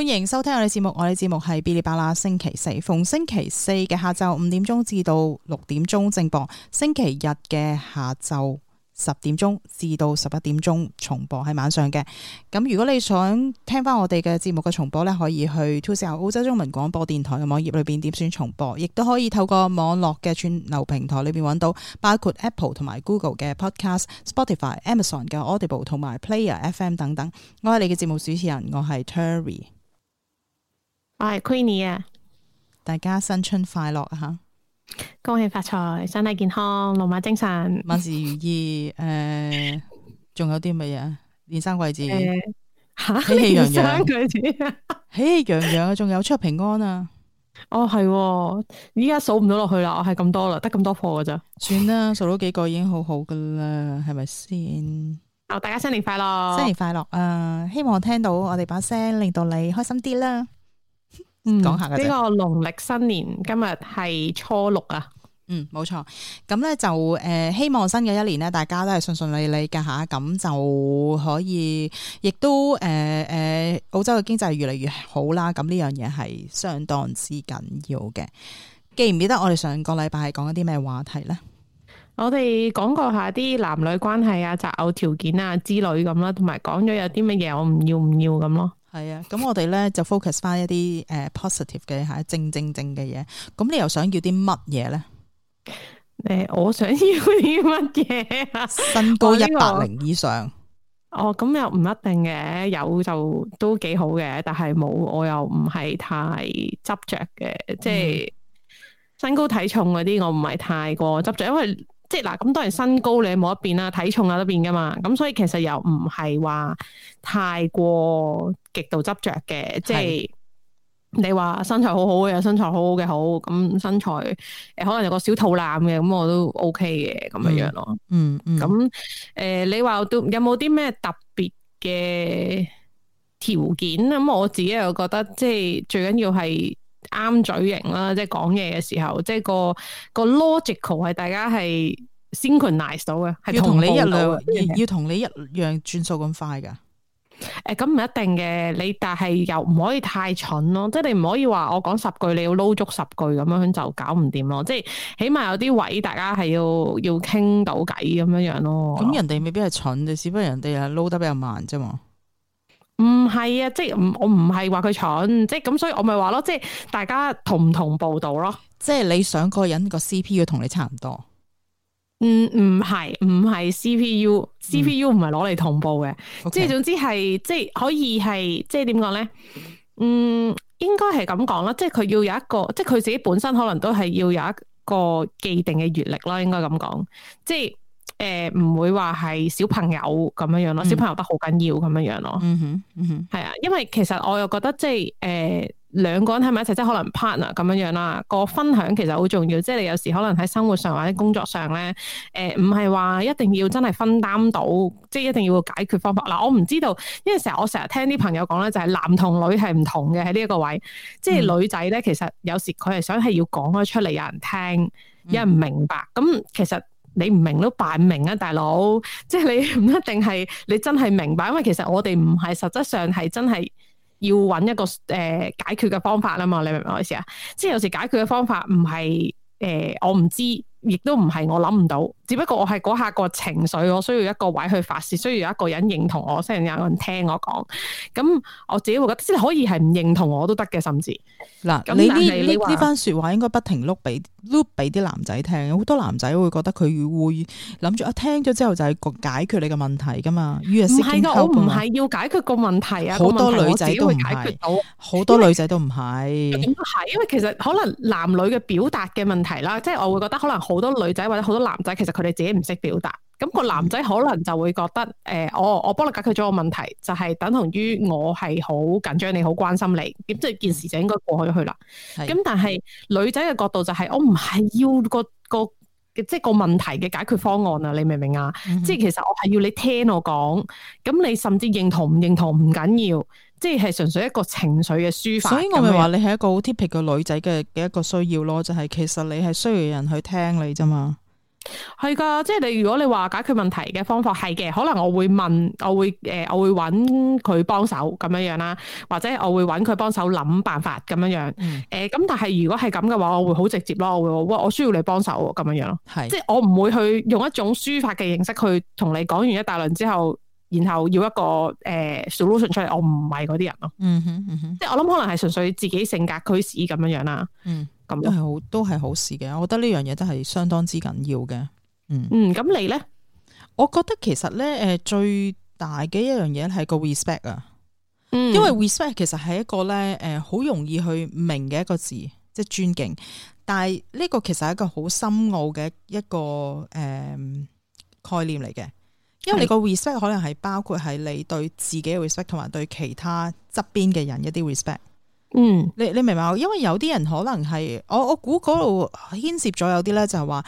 歡迎收聽我哋節目。我哋節目係 Bilibala。星期四逢星期四嘅下晝五點鐘至到六點鐘正播，星期日嘅下晝十點鐘至到十一點鐘重播喺晚上嘅。咁如果你想聽翻我哋嘅節目嘅重播咧，可以去 Two South 澳洲中文廣播電台嘅網頁裏邊點選重播，亦都可以透過網絡嘅串流平台裏邊揾到，包括 Apple 同埋 Google 嘅 Podcast、Spotify、Amazon 嘅 Audible 同埋 Player FM 等等。我係你嘅節目主持人，我係 Terry。我係 Queenie 啊！大家新春快樂啊！恭喜發財，身體健康，龍馬精神，萬事如意。誒、 呃，仲有啲乜嘢？連生貴子，喜氣洋洋，子喜氣洋洋啊！仲 有出入平安啊！ 哦，係、啊，依家數唔到落去啦，我係咁多啦，得咁多貨噶咋？算啦，數到幾個已經好好噶啦，係咪先？好、 哦，大家新年快樂！新年快樂啊、呃！希望聽到我哋把聲，令到你開心啲啦～講、嗯、下呢、嗯這個農曆新年今日係初六啊，嗯，冇錯，咁咧就誒、呃，希望新嘅一年咧，大家都係順順利利嘅吓，咁就可以，亦都誒誒、呃，澳洲嘅經濟越嚟越好啦，咁呢樣嘢係相當之緊要嘅。記唔記得我哋上個禮拜係講一啲咩話題咧？我哋講過下啲男女關係啊、擇偶條件啊之類咁啦，同埋講咗有啲乜嘢我唔要唔要咁咯。係啊，咁我哋咧就 focus 翻一啲誒 positive 嘅吓正正正嘅嘢。咁你又想要啲乜嘢咧？誒、呃，我想要啲乜嘢？ 身高一百零以上。哦、咁、哦、又唔一定嘅，有就都幾好嘅，但係冇我又唔係太執着嘅，嗯、即係身高體重嗰啲我唔係太過執着，因為即係嗱咁當然身高你冇得變啦，體重啊都變噶嘛，咁所以其實又唔係話太過。極度執着嘅，即係你話身材好好嘅，身材好好嘅好咁，身材誒、呃、可能有個小肚腩嘅，咁我，嗯嗯嗯呃、我都 OK 嘅咁樣樣咯。嗯嗯，咁誒，你話都有冇啲咩特別嘅條件？咁我自己又覺得，即係最緊要係啱嘴型啦，即係講嘢嘅時候，即係個個 logical 係大家係 synchronize 到嘅，係同你，你一樣，要要同你一樣轉數咁快噶。誒，咁唔、欸、一定嘅，你但係又唔可以太蠢咯，即係你唔可以話我講十句，你要撈足十句咁樣就搞唔掂咯，即係起碼有啲位大家係要要傾到偈咁樣樣咯。咁、嗯、人哋未必係蠢，就只不過人哋係撈得比較慢啫嘛。唔係啊，即係唔我唔係話佢蠢，即係咁所以我咪話咯，即係大家同唔同步道咯。即係你想個人個 C P 要同你差唔多。唔唔係唔係 CPU，CPU 唔係攞嚟同步嘅 Okay.，即係總之係即係可以係即係點講咧？嗯，應該係咁講啦，即係佢要有一個，即係佢自己本身可能都係要有一個既定嘅閱歷咯，應該咁講，即係誒唔會話係小朋友咁樣樣咯，小朋友得好緊要咁樣樣咯，嗯哼嗯哼，係啊，因為其實我又覺得即係誒。呃兩個人喺埋一齊，即係可能 partner 咁樣樣啦。個分享其實好重要，即係你有時可能喺生活上或者工作上咧，誒唔係話一定要真係分擔到，即係一定要個解決方法。嗱、呃，我唔知道，因為成日我成日聽啲朋友講咧，就係、是、男同女係唔同嘅喺呢一個位，即係女仔咧，嗯、其實有時佢係想係要講咗出嚟，有人聽，有人明白。咁、嗯、其實你唔明都扮明啊，大佬！即係你唔一定係你真係明白，因為其實我哋唔係實質上係真係。要揾一個誒、呃、解決嘅方法啦嘛，你明唔明我意思啊？即係有時解決嘅方法唔係誒，我唔知，亦都唔係我諗唔到。只不過我係嗰下個情緒，我需要一個位去發洩，需要有一個人認同我，先有人聽我講。咁我自己會覺得，即係可以係唔認同我都得嘅，甚至嗱，喏你呢呢呢番說話應該不停碌俾碌俾啲男仔聽，好多男仔會覺得佢會諗住一聽咗之後就係解決你嘅問題噶嘛。唔係噶，我唔係要解決個問題啊，好多女仔都會解決到，好多女仔都唔係。咁係因，因為其實可能男女嘅表達嘅問題啦，即係我會覺得可能好多女仔或者好多男仔其實。佢哋自己唔識表達，咁、那個男仔可能就會覺得，誒、欸哦，我我幫你解決咗個問題，就係、是、等同於我係好緊張，你好關心你，咁即係件事就應該過去去啦。咁是、嗯、但係女仔嘅角度就係、是，我唔係要個個即係個問題嘅解決方案啊，你明唔明啊？嗯、即係其實我係要你聽我講，咁你甚至認同唔認同唔緊要，要，即係純粹一個情緒嘅抒發。所以我咪話你係一個好 typical 女仔嘅嘅一個需要咯，就係、是、其實你係需要人去聽你啫嘛。係噶，即係你如果你話解決問題嘅方法係嘅，可能我會問，我會誒、呃，我會揾佢幫手咁樣樣啦，或者我會揾佢幫手諗辦法咁樣樣。誒、呃，咁但係如果係咁嘅話，我會好直接咯，我會話喂，我需要你幫手咁樣樣咯。係是，即係我唔會去用一種抒發嘅形式去同你講完一大輪之後，然後要一個誒、呃、solution 出嚟，我唔係嗰啲人咯、嗯。嗯哼，即係我諗可能係純粹自己性格驅使咁樣樣啦。嗯。咁都係好，都係好事嘅。我覺得呢樣嘢都係相當之緊要嘅。嗯，咁、嗯、你呢？我覺得其實呢，誒、呃,最大嘅一樣嘢係個 respect 啊。嗯，因為 respect 其實係一個呢，誒、呃，好容易去明嘅一個字，即係尊敬。但係呢個其實係一個好深奧嘅一個誒、呃、概念嚟嘅。因為你個 respect 是可能係包括係你對自己嘅 respect 同埋對其他側邊嘅人一啲 respect。嗯，你你明白啊？因為有啲人可能係，我我估度牽涉咗有啲咧，就係話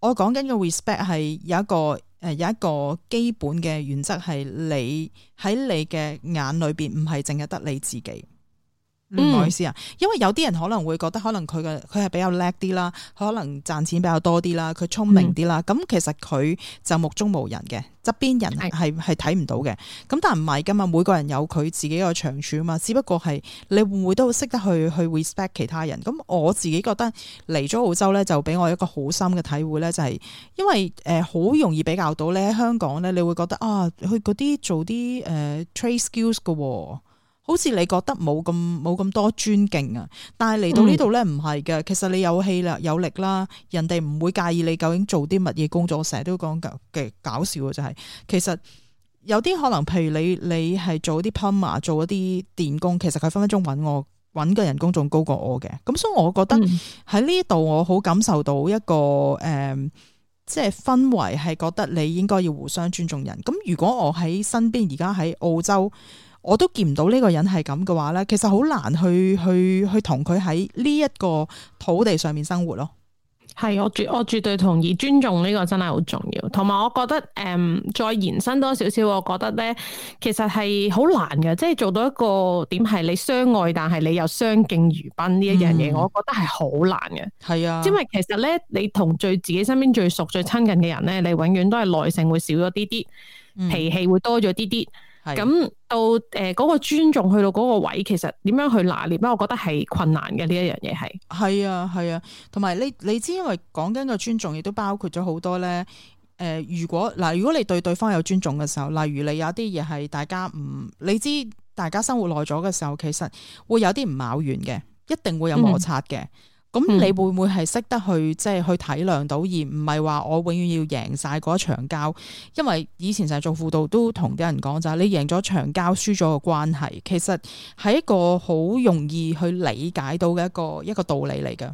我講緊個 respect 係有一個誒，有一個基本嘅原則係你喺你嘅眼裏邊唔係淨係得你自己。唔、嗯、好意思啊，因為有啲人可能會覺得，可能佢嘅佢係比較叻啲啦，可能賺錢比較多啲啦，佢聰明啲啦。咁、嗯、其實佢就目中無人嘅，側邊人係係睇唔到嘅。咁但係唔係噶嘛，每個人有佢自己嘅長處啊嘛。只不過係你會唔會都識得去去 respect 其他人？咁我自己覺得嚟咗澳洲咧，就俾我一個好深嘅體會咧、就是，就係因為誒好、呃、容易比較到咧，喺香港咧你會覺得啊，去嗰啲做啲誒、呃、trade skills 嘅、哦。好似你覺得冇咁冇咁多尊敬啊，但係嚟到呢度呢，唔係嘅。其實你有氣啦，有力啦，人哋唔會介意你究竟做啲乜嘢工作。我成日都講嘅嘅搞笑嘅就係、是，其實有啲可能，譬如你你係做啲 plumber 做一啲電工，其實佢分分鐘揾我揾個人工仲高過我嘅。咁所以我覺得喺呢度我好感受到一個誒，即、嗯、係、就是、氛圍係覺得你應該要互相尊重人。咁如果我喺身邊而家喺澳洲。我都見唔到呢個人係咁嘅話呢，其實好難去去去同佢喺呢一個土地上面生活咯。係我絕我絕對同意尊重呢個真係好重要。同埋我覺得，誒、嗯，再延伸多少少，我覺得呢其實係好難嘅，即係做到一個點係你相愛，但係你又相敬如賓呢一樣嘢，嗯、我覺得係好難嘅。係啊，因為其實呢，你同最自己身邊最熟、最親近嘅人呢，你永遠都係耐性會少咗啲啲，脾氣會多咗啲啲。嗯咁到誒嗰、呃那個尊重去到嗰個位，其實點樣去拿捏咧？我覺得係困難嘅呢一樣嘢係。係啊，係啊，同埋你你知，因為講緊個尊重，亦都包括咗好多咧。誒、呃，如果嗱、呃，如果你對對方有尊重嘅時候，例如你有啲嘢係大家唔，你知大家生活耐咗嘅時候，其實會有啲唔咬完嘅，一定會有摩擦嘅。嗯嗯咁你會唔會係識得去即係、就是、去體諒到而唔係話我永遠要贏晒嗰場交？因為以前成日做輔導都同啲人講就係你贏咗場交、輸咗個關係，其實係一個好容易去理解到嘅一個一個道理嚟嘅。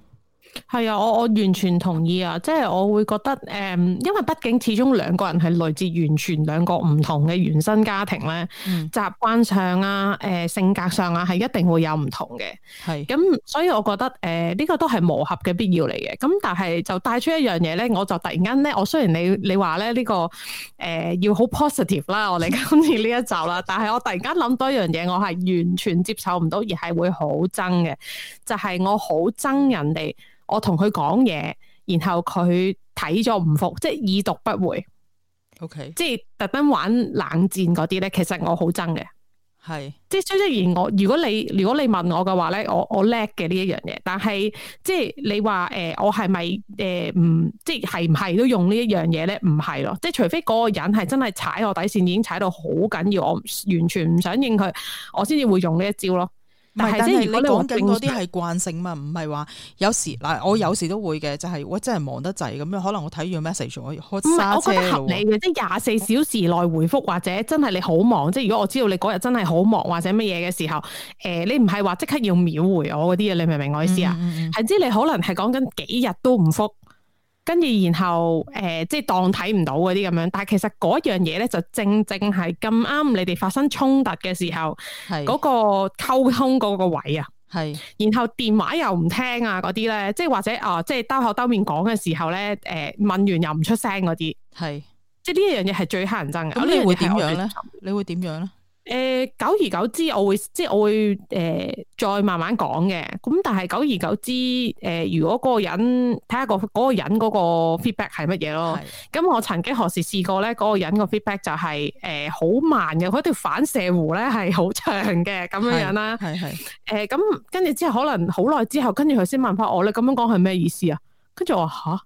係啊，我我完全同意啊，即、就、係、是、我會覺得誒、嗯，因為畢竟始終兩個人係來自完全兩個唔同嘅原生家庭咧，習慣、嗯、上啊，誒、呃、性格上啊係一定會有唔同嘅，係咁的，所以我覺得誒呢、呃這個都係磨合嘅必要嚟嘅。咁但係就帶出一樣嘢咧，我就突然間咧，我雖然你你話咧呢個誒、呃、要好 positive 啦，我哋今次呢一集啦， 但係我突然間諗多一樣嘢，我係完全接受唔到，而係會好憎嘅，就係、是、我好憎人哋。我同佢講嘢，然後佢睇咗唔服，即係已讀不回。OK，即係特登玩冷戰嗰啲咧，其實我好憎嘅。係是，即係雖雖然我如果你如果你問我嘅話咧，我我叻嘅呢一樣嘢。但係即係你話誒、呃，我係咪誒唔即係係唔係都用呢一樣嘢咧？唔係咯，即係除非嗰個人係真係踩我底線，已經踩到好緊要，我完全唔想應佢，我先至會用呢一招咯。唔係，但係、就是、果你講緊嗰啲係慣性嘛，唔係話有時嗱，嗯、我有時都會嘅，就係、是、我真係忙得滯咁樣，可能我睇完 message 我開沙嘅。唔係，我覺得合理嘅，我即係廿四小時內回覆，或者真係你好忙，即係如果我知道你嗰日真係好忙或者乜嘢嘅時候，誒、呃，你唔係話即刻要秒回我嗰啲嘢，你明唔明我意思啊？係、嗯嗯、知你可能係講緊幾日都唔覆。跟住然後誒、呃，即係當睇唔到嗰啲咁樣，但係其實嗰樣嘢咧就正正係咁啱你哋發生衝突嘅時候，係嗰是個溝通嗰個位啊，係是然後電話又唔聽啊嗰啲咧，即係或者啊、呃，即係兜口兜面講嘅時候咧，誒、呃、問完又唔出聲嗰啲，係是即係呢一樣嘢係最乞人憎嘅。咁你會點樣咧？你會點樣咧？誒、呃，久而久之我會即係我會誒、呃，再慢慢講嘅。咁但係久而久之，誒、呃，如果嗰個人睇下個嗰個人嗰個 feedback 係乜嘢咯？咁的我曾經何時試過咧？嗰、那個人個 feedback 就係誒好慢嘅，佢條反射弧咧係好長嘅咁樣樣啦、啊。係係誒，咁跟住之後可能好耐之後，跟住佢先問翻我咧，你咁樣講係咩意思啊？跟住我話吓。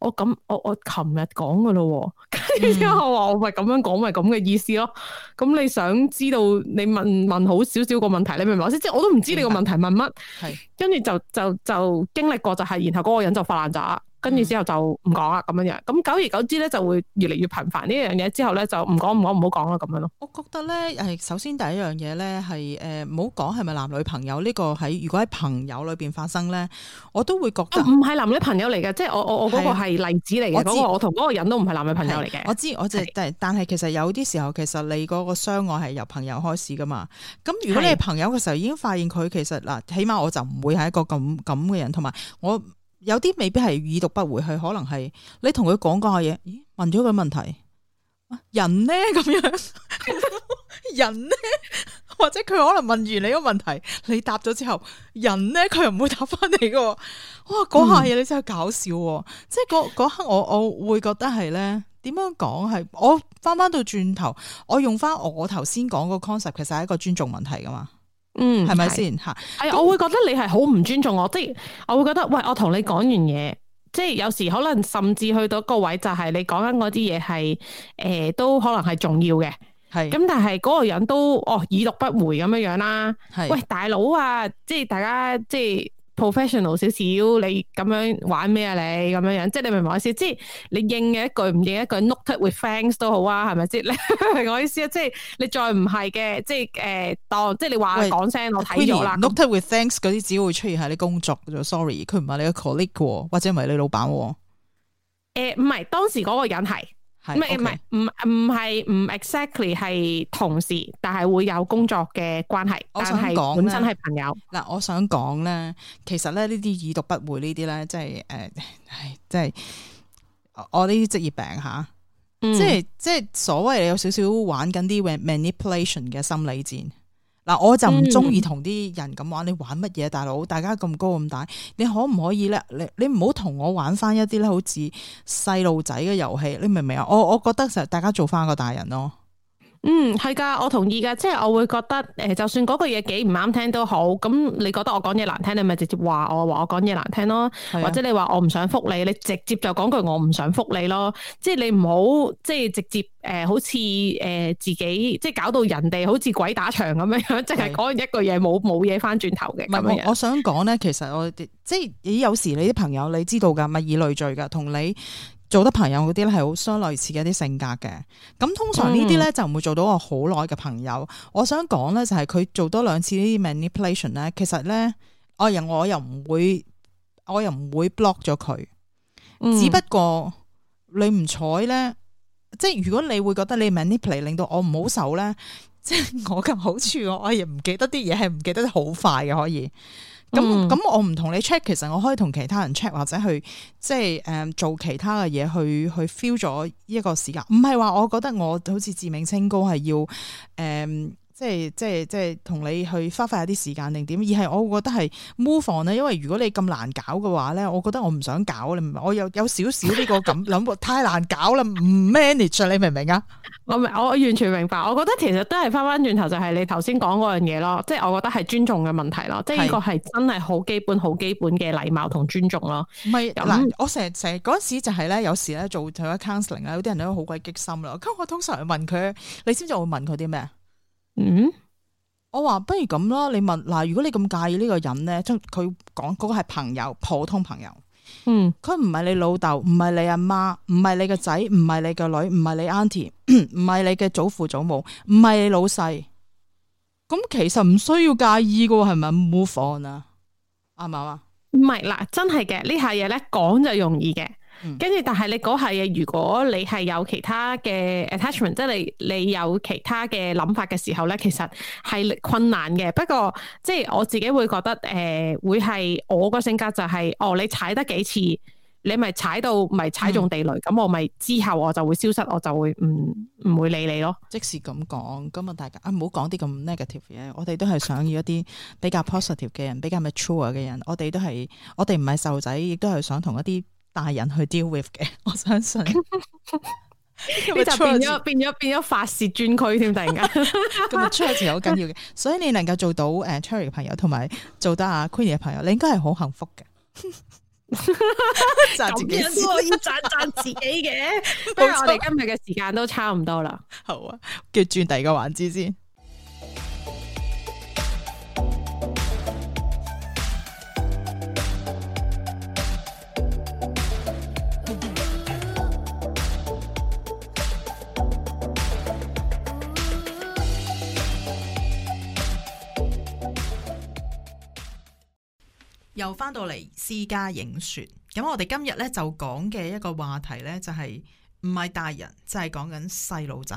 我咁我我琴日講噶咯，跟住之後我話我咪咁樣講，咪咁嘅意思咯。咁、嗯嗯、你想知道你問問好少少個問題，你明唔明我意思？即係我都唔知你個問題問乜，係跟住就就就，就經歷過就係、是，然後嗰個人就發爛渣。跟住之後就唔講啦，咁樣樣，咁久而久之咧就會越嚟越頻繁呢樣嘢。之後咧就唔講唔講唔好講啦，咁樣咯。我覺得咧，誒，首先第一樣嘢咧係誒，唔好講係咪男女朋友呢、這個喺如果喺朋友裏邊發生咧，我都會覺得唔係、嗯、男女朋友嚟嘅，即係我我我嗰個係例子嚟嘅、啊那個，我知我同嗰個人都唔係男女朋友嚟嘅、啊。我知，我即係、啊、但係，其實有啲時候，其實你嗰個相愛係由朋友開始噶嘛。咁如果你係、啊、朋友嘅時候已經發現佢，其實嗱，起碼我就唔會係一個咁咁嘅人，同埋我。有啲未必係已讀不回，去，可能係你同佢講嗰下嘢，咦？問咗個問題，人呢咁樣？ 人呢？或者佢可能問完你個問題，你答咗之後，人呢佢又唔會答翻你噶？哇！嗰下嘢你真係搞笑，嗯、即係嗰嗰刻我我會覺得係呢？點樣講係？我翻翻到轉頭，我用翻我頭先講個 concept，其實係一個尊重問題噶嘛。嗯，係咪先吓？係我會覺得你係好唔尊重我，即係我會覺得，喂，我同你講完嘢，即係有時可能甚至去到個位就係你講緊嗰啲嘢係，誒、呃，都可能係重要嘅，係是。咁但係嗰個人都哦已讀不回咁樣樣啦，係是。喂，大佬啊，即係大家即係。Professional 少少，你咁樣玩咩啊？你咁樣樣，即係你明唔明我，啊、 我意思？即係你應嘅，呃、一句唔應一句，noted with thanks 都好啊，係咪？即係你明我意思啊？即係你再唔係嘅，即係誒，當即係你話講聲，我睇咗啦。noted with thanks 嗰啲只會出現喺你工作嘅，sorry，佢唔係你嘅 colleague，或者唔係你老板。誒、呃，唔係，當時嗰個人係。唔係唔係，唔唔係唔 exactly 係同事，但係會有工作嘅關係、呃。我想講咧，本身係朋友嗱。我想講咧，其實咧呢啲已讀不回呢啲咧，即係誒、呃，即係我呢啲職業病吓，嗯、即係即係所謂有少少玩緊啲 manipulation 嘅心理戰。嗱，我就唔中意同啲人咁玩，嗯、你玩乜嘢大佬？大家咁高咁大，你可唔可以咧？你你唔好同我玩翻一啲咧，好似細路仔嘅遊戲，你明唔明啊？我我覺得就係大家做翻個大人咯。嗯，係噶，我同意噶，即係我會覺得，誒、呃，就算嗰句嘢幾唔啱聽都好，咁你覺得我講嘢難聽，你咪直接話我，話我講嘢難聽咯，是的 或者你話我唔想復你，你直接就講句我唔想復你咯，即係你唔好即係直接，誒、呃，好似，誒、呃，自己即係搞到人哋好似鬼打牆咁樣樣，即係講完一句嘢冇冇嘢翻轉頭嘅。唔係，我想講咧，其實我即係，有時你啲朋友你知道噶，物以類聚噶，同你。做得朋友嗰啲咧係好相類似嘅一啲性格嘅，咁通常呢啲咧就唔會做到我好耐嘅朋友。嗯、我想講咧就係佢做多兩次呢啲 manipulation 咧，其實咧我又我又唔會，我又唔會 block 咗佢。嗯、只不過你唔睬咧，即係如果你會覺得你 manipulate 令到我唔好受咧，即係我嘅好處，我亦唔記得啲嘢係唔記得得好快嘅可以。咁咁、嗯、我唔同你 check，其實我可以同其他人 check，或者去即係誒、嗯、做其他嘅嘢去去 feel 咗一個時間，唔係話我覺得我好似自命清高係要誒。嗯即係即係即係同你去花費下啲時間定點，而係我覺得係 move on 咧。因為如果你咁難搞嘅話咧，我覺得我唔想搞，你唔明？我有有少少呢個咁諗， 太難搞啦，唔 manage 你明唔明啊？我明，我完全明白。我覺得其實都係翻翻轉頭就係你頭先講嗰樣嘢咯。即係我覺得係尊重嘅問題咯。即係呢個係真係好基本、好基本嘅禮貌同尊重咯。唔係嗱，我成日成日嗰陣時就係咧，有時咧做做一 counseling 咧，有啲人都好鬼激心啦。咁我通常問佢，你知唔知我會問佢啲咩？嗯，mm hmm. 我話不如咁啦。你問嗱，如果你咁介意呢個人咧，即佢講嗰個係朋友，普通朋友。嗯、mm，佢唔係你老豆，唔係你阿媽，唔係你個仔，唔係你個女，唔係你 auntie，唔係你嘅祖父祖母，唔係你老細。咁其實唔需要介意嘅，係咪？Move on 啊，啱唔啱啊？唔係嗱，真係嘅呢下嘢咧，講就容易嘅。跟住，嗯、但係你嗰下如果你係有其他嘅 attachment，即係你、嗯、你有其他嘅諗法嘅時候咧，其實係困難嘅。不過即係、就是、我自己會覺得誒、呃，會係我個性格就係、是、哦。你踩得幾次，你咪踩到咪踩中地雷咁，嗯、我咪、就是、之後我就會消失，我就會唔唔會理你咯。即使咁講，今日大家啊，唔好講啲咁 negative 嘅嘢。我哋都係想要一啲比較 positive 嘅人，比較 mature 嘅人。我哋都係我哋唔係瘦仔，亦都係想同一啲。大人去 deal with 嘅，我相信呢就 變咗 變咗變咗發洩專區添，突然間咁啊！出錢好緊要嘅，所以你能夠做到誒，Cherry 嘅朋友同埋做得阿 Queenie 嘅朋友，你應該係好幸福嘅，就 自己可以讚讚自己嘅。不 咁 我哋今日嘅時間都差唔多啦、 啊，好啊，叫轉第二個環節先。又翻到嚟私家影說，咁我哋今日咧就講嘅一個話題咧就係唔係大人，就係講緊細路仔。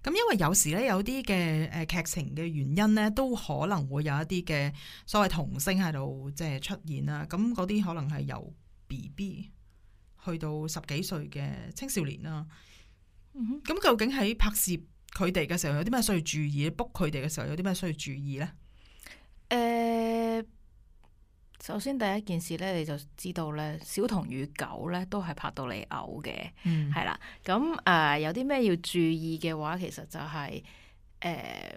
咁因為有時咧有啲嘅，誒，劇情嘅原因咧，都可能會有一啲嘅所謂童星喺度即係出現啦。咁嗰啲可能係由 B B 去到十幾歲嘅青少年啦。咁、嗯、哼究竟喺拍攝佢哋嘅時候有啲咩需要注意？book 佢哋嘅時候有啲咩需要注意咧？誒、呃。首先第一件事咧，你就知道咧，小童與狗咧都係拍到你嘔嘅，係啦、嗯。咁誒、呃、有啲咩要注意嘅話，其實就係、是、誒、呃、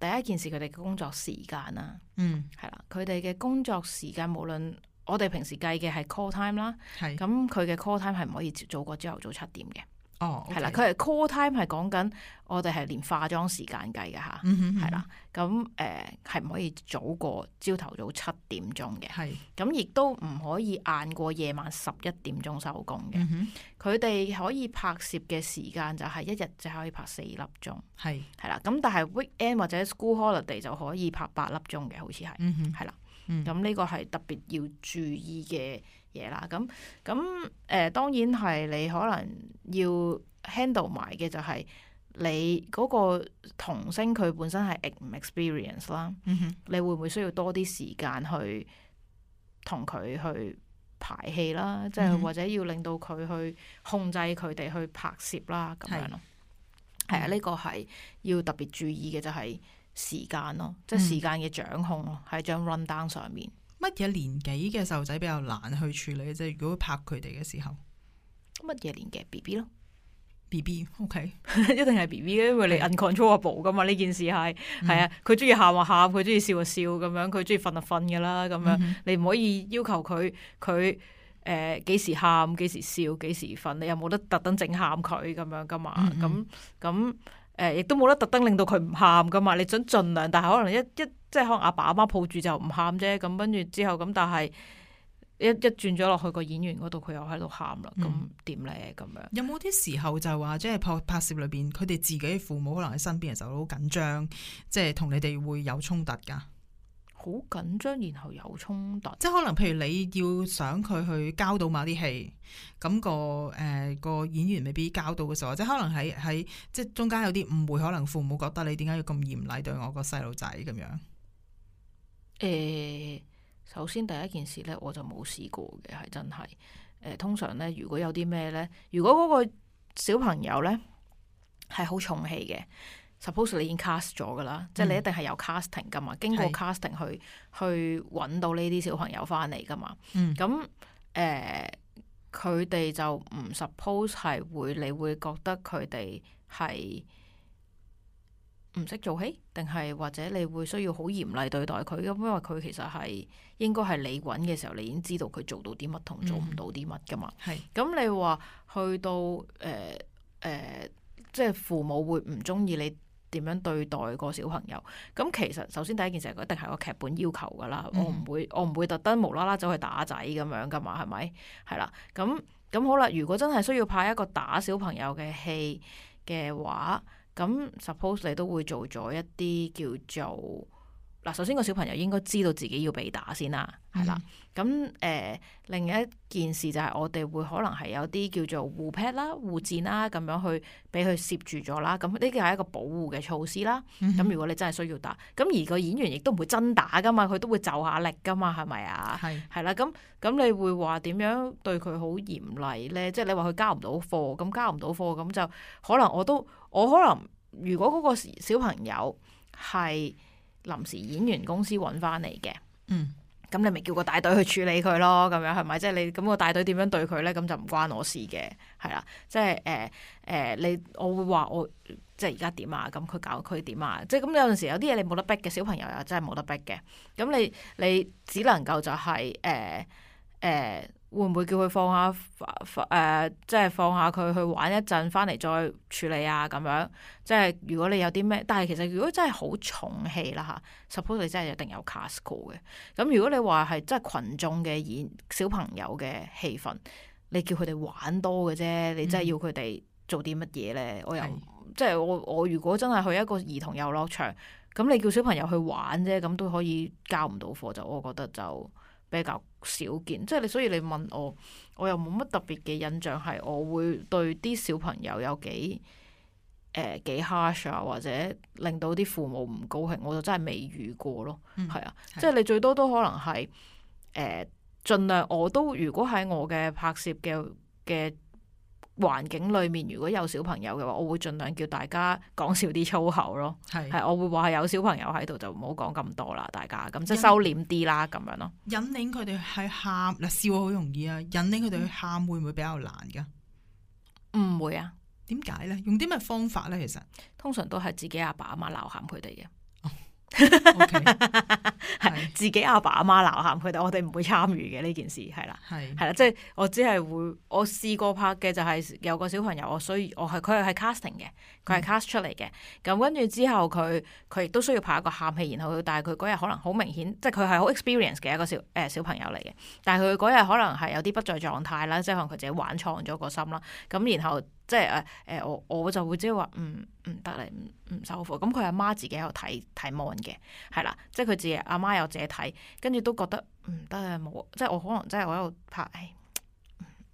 第一件事，佢哋嘅工作時間啦，嗯，係啦，佢哋嘅工作時間無論我哋平時計嘅係 call time 啦，係咁佢嘅 call time 係唔可以早過朝頭早七點嘅。哦，係啦、oh, okay.，佢係 call time 係講緊，我哋係連化妝時間計嘅吓，係啦、嗯嗯，咁誒係唔可以早過朝頭早，上早上七點鐘嘅，係是，咁亦都唔可以晏過夜晚十一點鐘收工嘅，佢哋，嗯、哼可以拍攝嘅時間就係一日就可以拍四粒鐘，係是，係啦，咁但係 weekend 或者 school holiday 就可以拍八粒鐘嘅，好似係，係啦、嗯哼，咁呢個係特別要注意嘅。嘢啦，咁咁誒，嗯嗯、哼當然係你可能要 handle 埋嘅就係你嗰個童星佢本身係 experience 啦、嗯哼，你會唔會需要多啲時間去同佢去排戲啦，即、就、係、是、或者要令到佢去控制佢哋去拍攝啦咁樣咯，係啊，呢、嗯嗯、個係要特別注意嘅就係、是、時間咯，即、就、係、是、時間嘅掌控咯，喺張 run down 上面。乜嘢年紀嘅細路仔比較難去處理嘅啫？就係、如果拍佢哋嘅時候，乜嘢年紀？B B 咯，B B，O K，一定係 B B 嘅，因為你 uncontrollable 噶嘛。呢件事係係啊，佢中意喊就喊，佢中意笑就笑，咁樣佢中意瞓就瞓噶啦。咁樣、嗯嗯、你唔可以要求佢佢誒幾時喊幾時笑幾時瞓？你又冇得特登整喊佢咁樣噶嘛？咁咁、嗯嗯。誒，亦都冇得特登令到佢唔喊噶嘛，你想盡量，但係可能一一即係可能阿爸阿媽抱住就唔喊啫，咁跟住之後咁，但係一一轉咗落去個演員嗰度，佢又喺度喊啦，咁點咧？咁樣有冇啲時候就話，即係拍拍攝裏邊，佢哋自己父母可能喺身邊嘅時候好緊張，即係同你哋會有衝突噶？好緊張，然後有衝突，即係可能，譬如你要想佢去交到某啲戲，咁、那個誒、呃、個演員未必交到嘅時候，或者可能喺喺即係中間有啲誤會，可能父母覺得你點解要咁嚴厲對我個細路仔咁樣？誒、呃，首先第一件事咧，我就冇試過嘅，係真係。誒、呃，通常咧，如果有啲咩咧，如果嗰個小朋友咧係好重氣嘅。suppose 你已經 cast 咗㗎啦，嗯、即係你一定係有 casting 㗎嘛，經過 casting 去是去揾到呢啲小朋友翻嚟㗎嘛。咁誒、嗯，佢哋、呃、就唔 suppose 係會，你會覺得佢哋係唔識做戲，定係或者你會需要好嚴厲對待佢咁？因為佢其實係應該係你揾嘅時候，你已經知道佢做到啲乜同做唔到啲乜㗎嘛。係、嗯。咁你話去到誒誒、呃呃，即係父母會唔中意你？點樣對待個小朋友？咁其實首先第一件事係一定係個劇本要求噶啦，嗯、我唔會我唔會特登無啦啦走去打仔咁樣噶嘛，係咪？係啦，咁咁好啦，如果真係需要拍一個打小朋友嘅戲嘅話，咁 suppose 你都會做咗一啲叫做。首先，個小朋友應該知道自己要被打先啦，係啦。咁誒，嗯，呃，另一件事就係我哋會可能係有啲叫做護 pad 啦、護墊啦，咁樣去俾佢攝住咗啦。咁呢個係一個保護嘅措施啦。咁，嗯哼，如果你真係需要打，咁而個演員亦都唔會真打噶嘛，佢都會就下力噶嘛，係咪啊？係係啦。咁咁，你會話點樣對佢好嚴厲咧？即、就、係、是、你話佢交唔到貨，咁交唔到貨，咁就可能我都我可能如果嗰個小朋友係。臨時演員公司揾翻嚟嘅，嗯，咁你咪叫個大隊去處理佢咯，咁樣係咪？即係你咁個大隊點樣對佢咧？咁就唔關我事嘅。係啦，即係誒誒，你我會話我即係而家點啊？咁佢搞佢點啊？即係咁有陣時有啲嘢你冇得逼嘅，小朋友又真係冇得逼嘅，咁你你只能夠就係誒誒。呃呃會唔會叫佢放下，誒、啊呃，即係放下佢去玩一陣，翻嚟再處理啊？咁樣，即係如果你有啲咩，但係其實如果真係好重戲啦吓 ，suppose 你真係一定有 cast 過嘅。咁如果你話係真係群眾嘅演小朋友嘅戲份，你叫佢哋玩多嘅啫，你真係要佢哋做啲乜嘢咧？我又即係我我如果真係去一個兒童遊樂場，咁你叫小朋友去玩啫，咁都可以交唔到課，就我覺得就。比較少見，即係你，所以你問我，我又冇乜特別嘅印象，係我會對啲小朋友有幾誒、呃、幾 harsh 啊，或者令到啲父母唔高興，我就真係未遇過咯。係、嗯、啊，啊即係你最多都可能係誒盡量，我都如果喺我嘅拍攝嘅嘅。環境裏面，如果有小朋友嘅話，我會盡量叫大家講少啲粗口咯。係是，係我會話有小朋友喺度就唔好講咁多啦，大家咁即係收斂啲啦，咁樣咯。引領佢哋去喊嗱，笑好容易啊，引領佢哋去喊會唔會比較難噶唔會啊。點解咧？用啲咩方法咧？其實通常都係自己阿爸阿媽鬧喊佢哋嘅。係自己阿爸阿媽鬧喊佢哋，我哋唔會參與嘅，呢件事係啦，係係啦，即係我只係會我試過拍嘅，就係有個小朋友，我所以我係佢係係 casting 嘅。佢係嗯，cast 出嚟嘅，咁跟住之後佢佢亦都需要拍一個喊戲，然後佢但係佢嗰日可能好明顯，巨號即係佢係好 experience 嘅一個 de, 小誒、uh, 小朋友嚟嘅，但係佢嗰日可能係有啲不在狀態啦，即係可能佢自己玩錯咗個心啦，咁然後即係誒誒我我，我就會即係話唔唔得嚟，唔唔收貨，咁佢阿媽自己喺度睇睇 mon 嘅，係啦，即係佢自己阿媽又自己睇，跟住都覺得唔得啊，冇，即係我可能真係我喺度拍。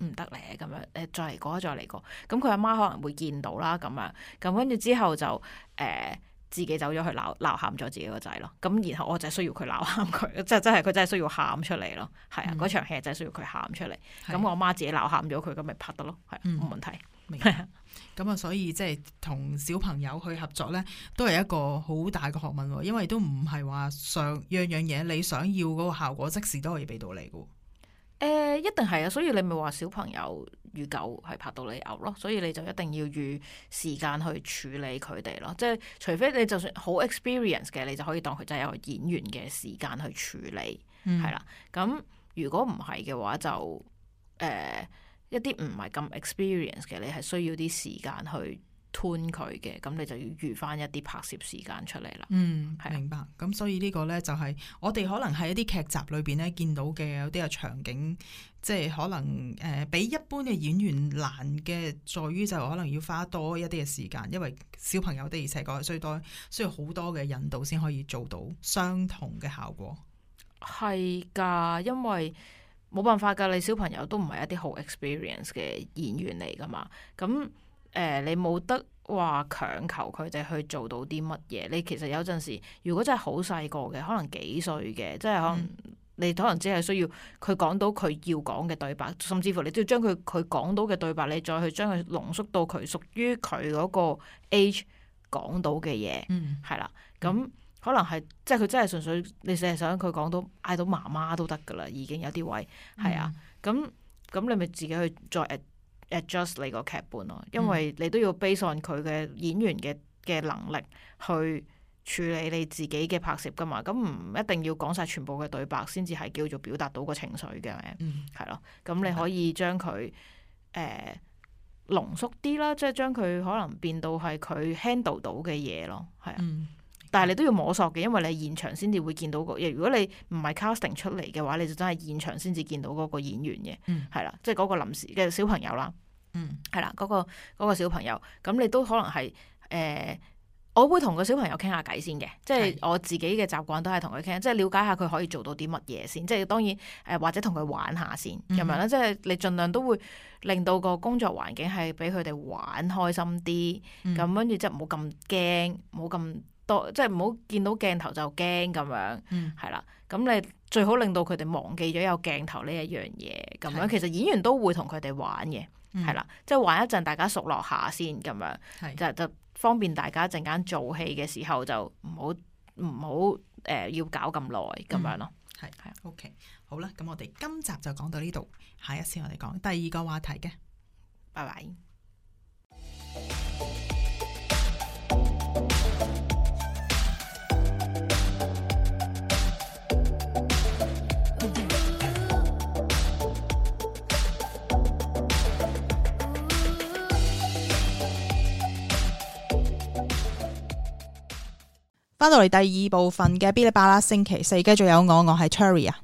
唔得咧，咁樣誒，再嚟過，再嚟過，咁佢阿媽可能會見到啦，咁樣，咁跟住之後就誒、呃，自己走咗去鬧鬧喊咗自己個仔咯，咁然後我就需要佢鬧喊佢，即係真係佢真係需要喊出嚟咯，係啊，嗰、嗯、場戲就係需要佢喊出嚟，咁、嗯、我阿媽自己鬧喊咗佢，咁咪、啊、拍得咯，係、啊，冇問題，嗯、明，咁啊，所以即係同小朋友去合作咧，都係一個好大嘅學問，因為都唔係話想樣樣嘢你想要嗰個效果即時都可以俾到你噶。誒、欸、一定係啊，所以你咪話小朋友與狗係拍到你嘔咯，所以你就一定要預時間去處理佢哋咯。即係除非你就算好 experience 嘅，你就可以當佢真係一個演員嘅時間去處理，係、嗯、啦。咁如果唔係嘅話就，就、呃、誒一啲唔係咁 experience 嘅，你係需要啲時間去。吞佢嘅，咁你就要預返一啲拍攝時間出嚟啦。嗯，明白。咁所以呢個呢，就係、是、我哋可能喺一啲劇集裏邊呢，見到嘅有啲嘅場景，即係可能誒、呃、比一般嘅演員難嘅，在於就可能要花多一啲嘅時間，因為小朋友的而且確需多需要好多嘅引導先可以做到相同嘅效果。係㗎，因為冇辦法㗎，你小朋友都唔係一啲好 experience 嘅演員嚟㗎嘛，咁。誒、呃，你冇得話強求佢哋去做到啲乜嘢。你其實有陣時，如果真係好細個嘅，可能幾歲嘅，即係可能你可能只係需要佢講到佢要講嘅對白，甚至乎你都要將佢佢講到嘅對白，你再去將佢濃縮到佢屬於佢嗰個 age 講到嘅嘢，係啦、嗯。咁可能係即係佢真係純粹，你淨係想佢講到嗌到媽媽都得噶啦，已經有啲位係啊。咁咁、嗯、你咪自己去再誒。Adjust 你個劇本咯，因為你都要 based on 佢嘅演員嘅嘅能力去處理你自己嘅拍攝噶嘛，咁唔一定要講晒全部嘅對白先至係叫做表達到個情緒嘅，係咯、嗯，咁你可以將佢誒、呃、濃縮啲啦，即係將佢可能變到係佢 handle 到嘅嘢咯，係啊。嗯但係你都要摸索嘅，因為你現場先至會見到個嘢。如果你唔係 casting 出嚟嘅話，你就真係現場先至見到嗰個演員嘅，係啦、嗯，即係嗰個臨時嘅小朋友啦，嗯，係啦，嗰個嗰個小朋友，咁你都可能係誒、呃、我會同個小朋友傾下偈先嘅，即係我自己嘅習慣都係同佢傾，即係了解下佢可以做到啲乜嘢先，即係當然誒、呃、或者同佢玩下先，咁樣啦，即係你盡量都會令到個工作環境係俾佢哋玩開心啲，咁跟住即係唔好咁驚，冇咁。即係唔好見到鏡頭就驚咁樣，係、嗯、啦，咁你最好令到佢哋忘記咗有鏡頭呢一樣嘢咁樣。其實演員都會同佢哋玩嘅，係、嗯、啦，即係玩一陣，大家熟落下先咁樣，就是就方便大家陣間做戲嘅時候就唔好唔好誒要搞咁耐咁樣咯。係系是是，OK，好啦，咁我哋今集就講到呢度，下一先我哋講第二個話題嘅，拜拜。翻到嚟第二部分嘅噼里啪啦星期四，跟住仲有我，我係 Terry 啊，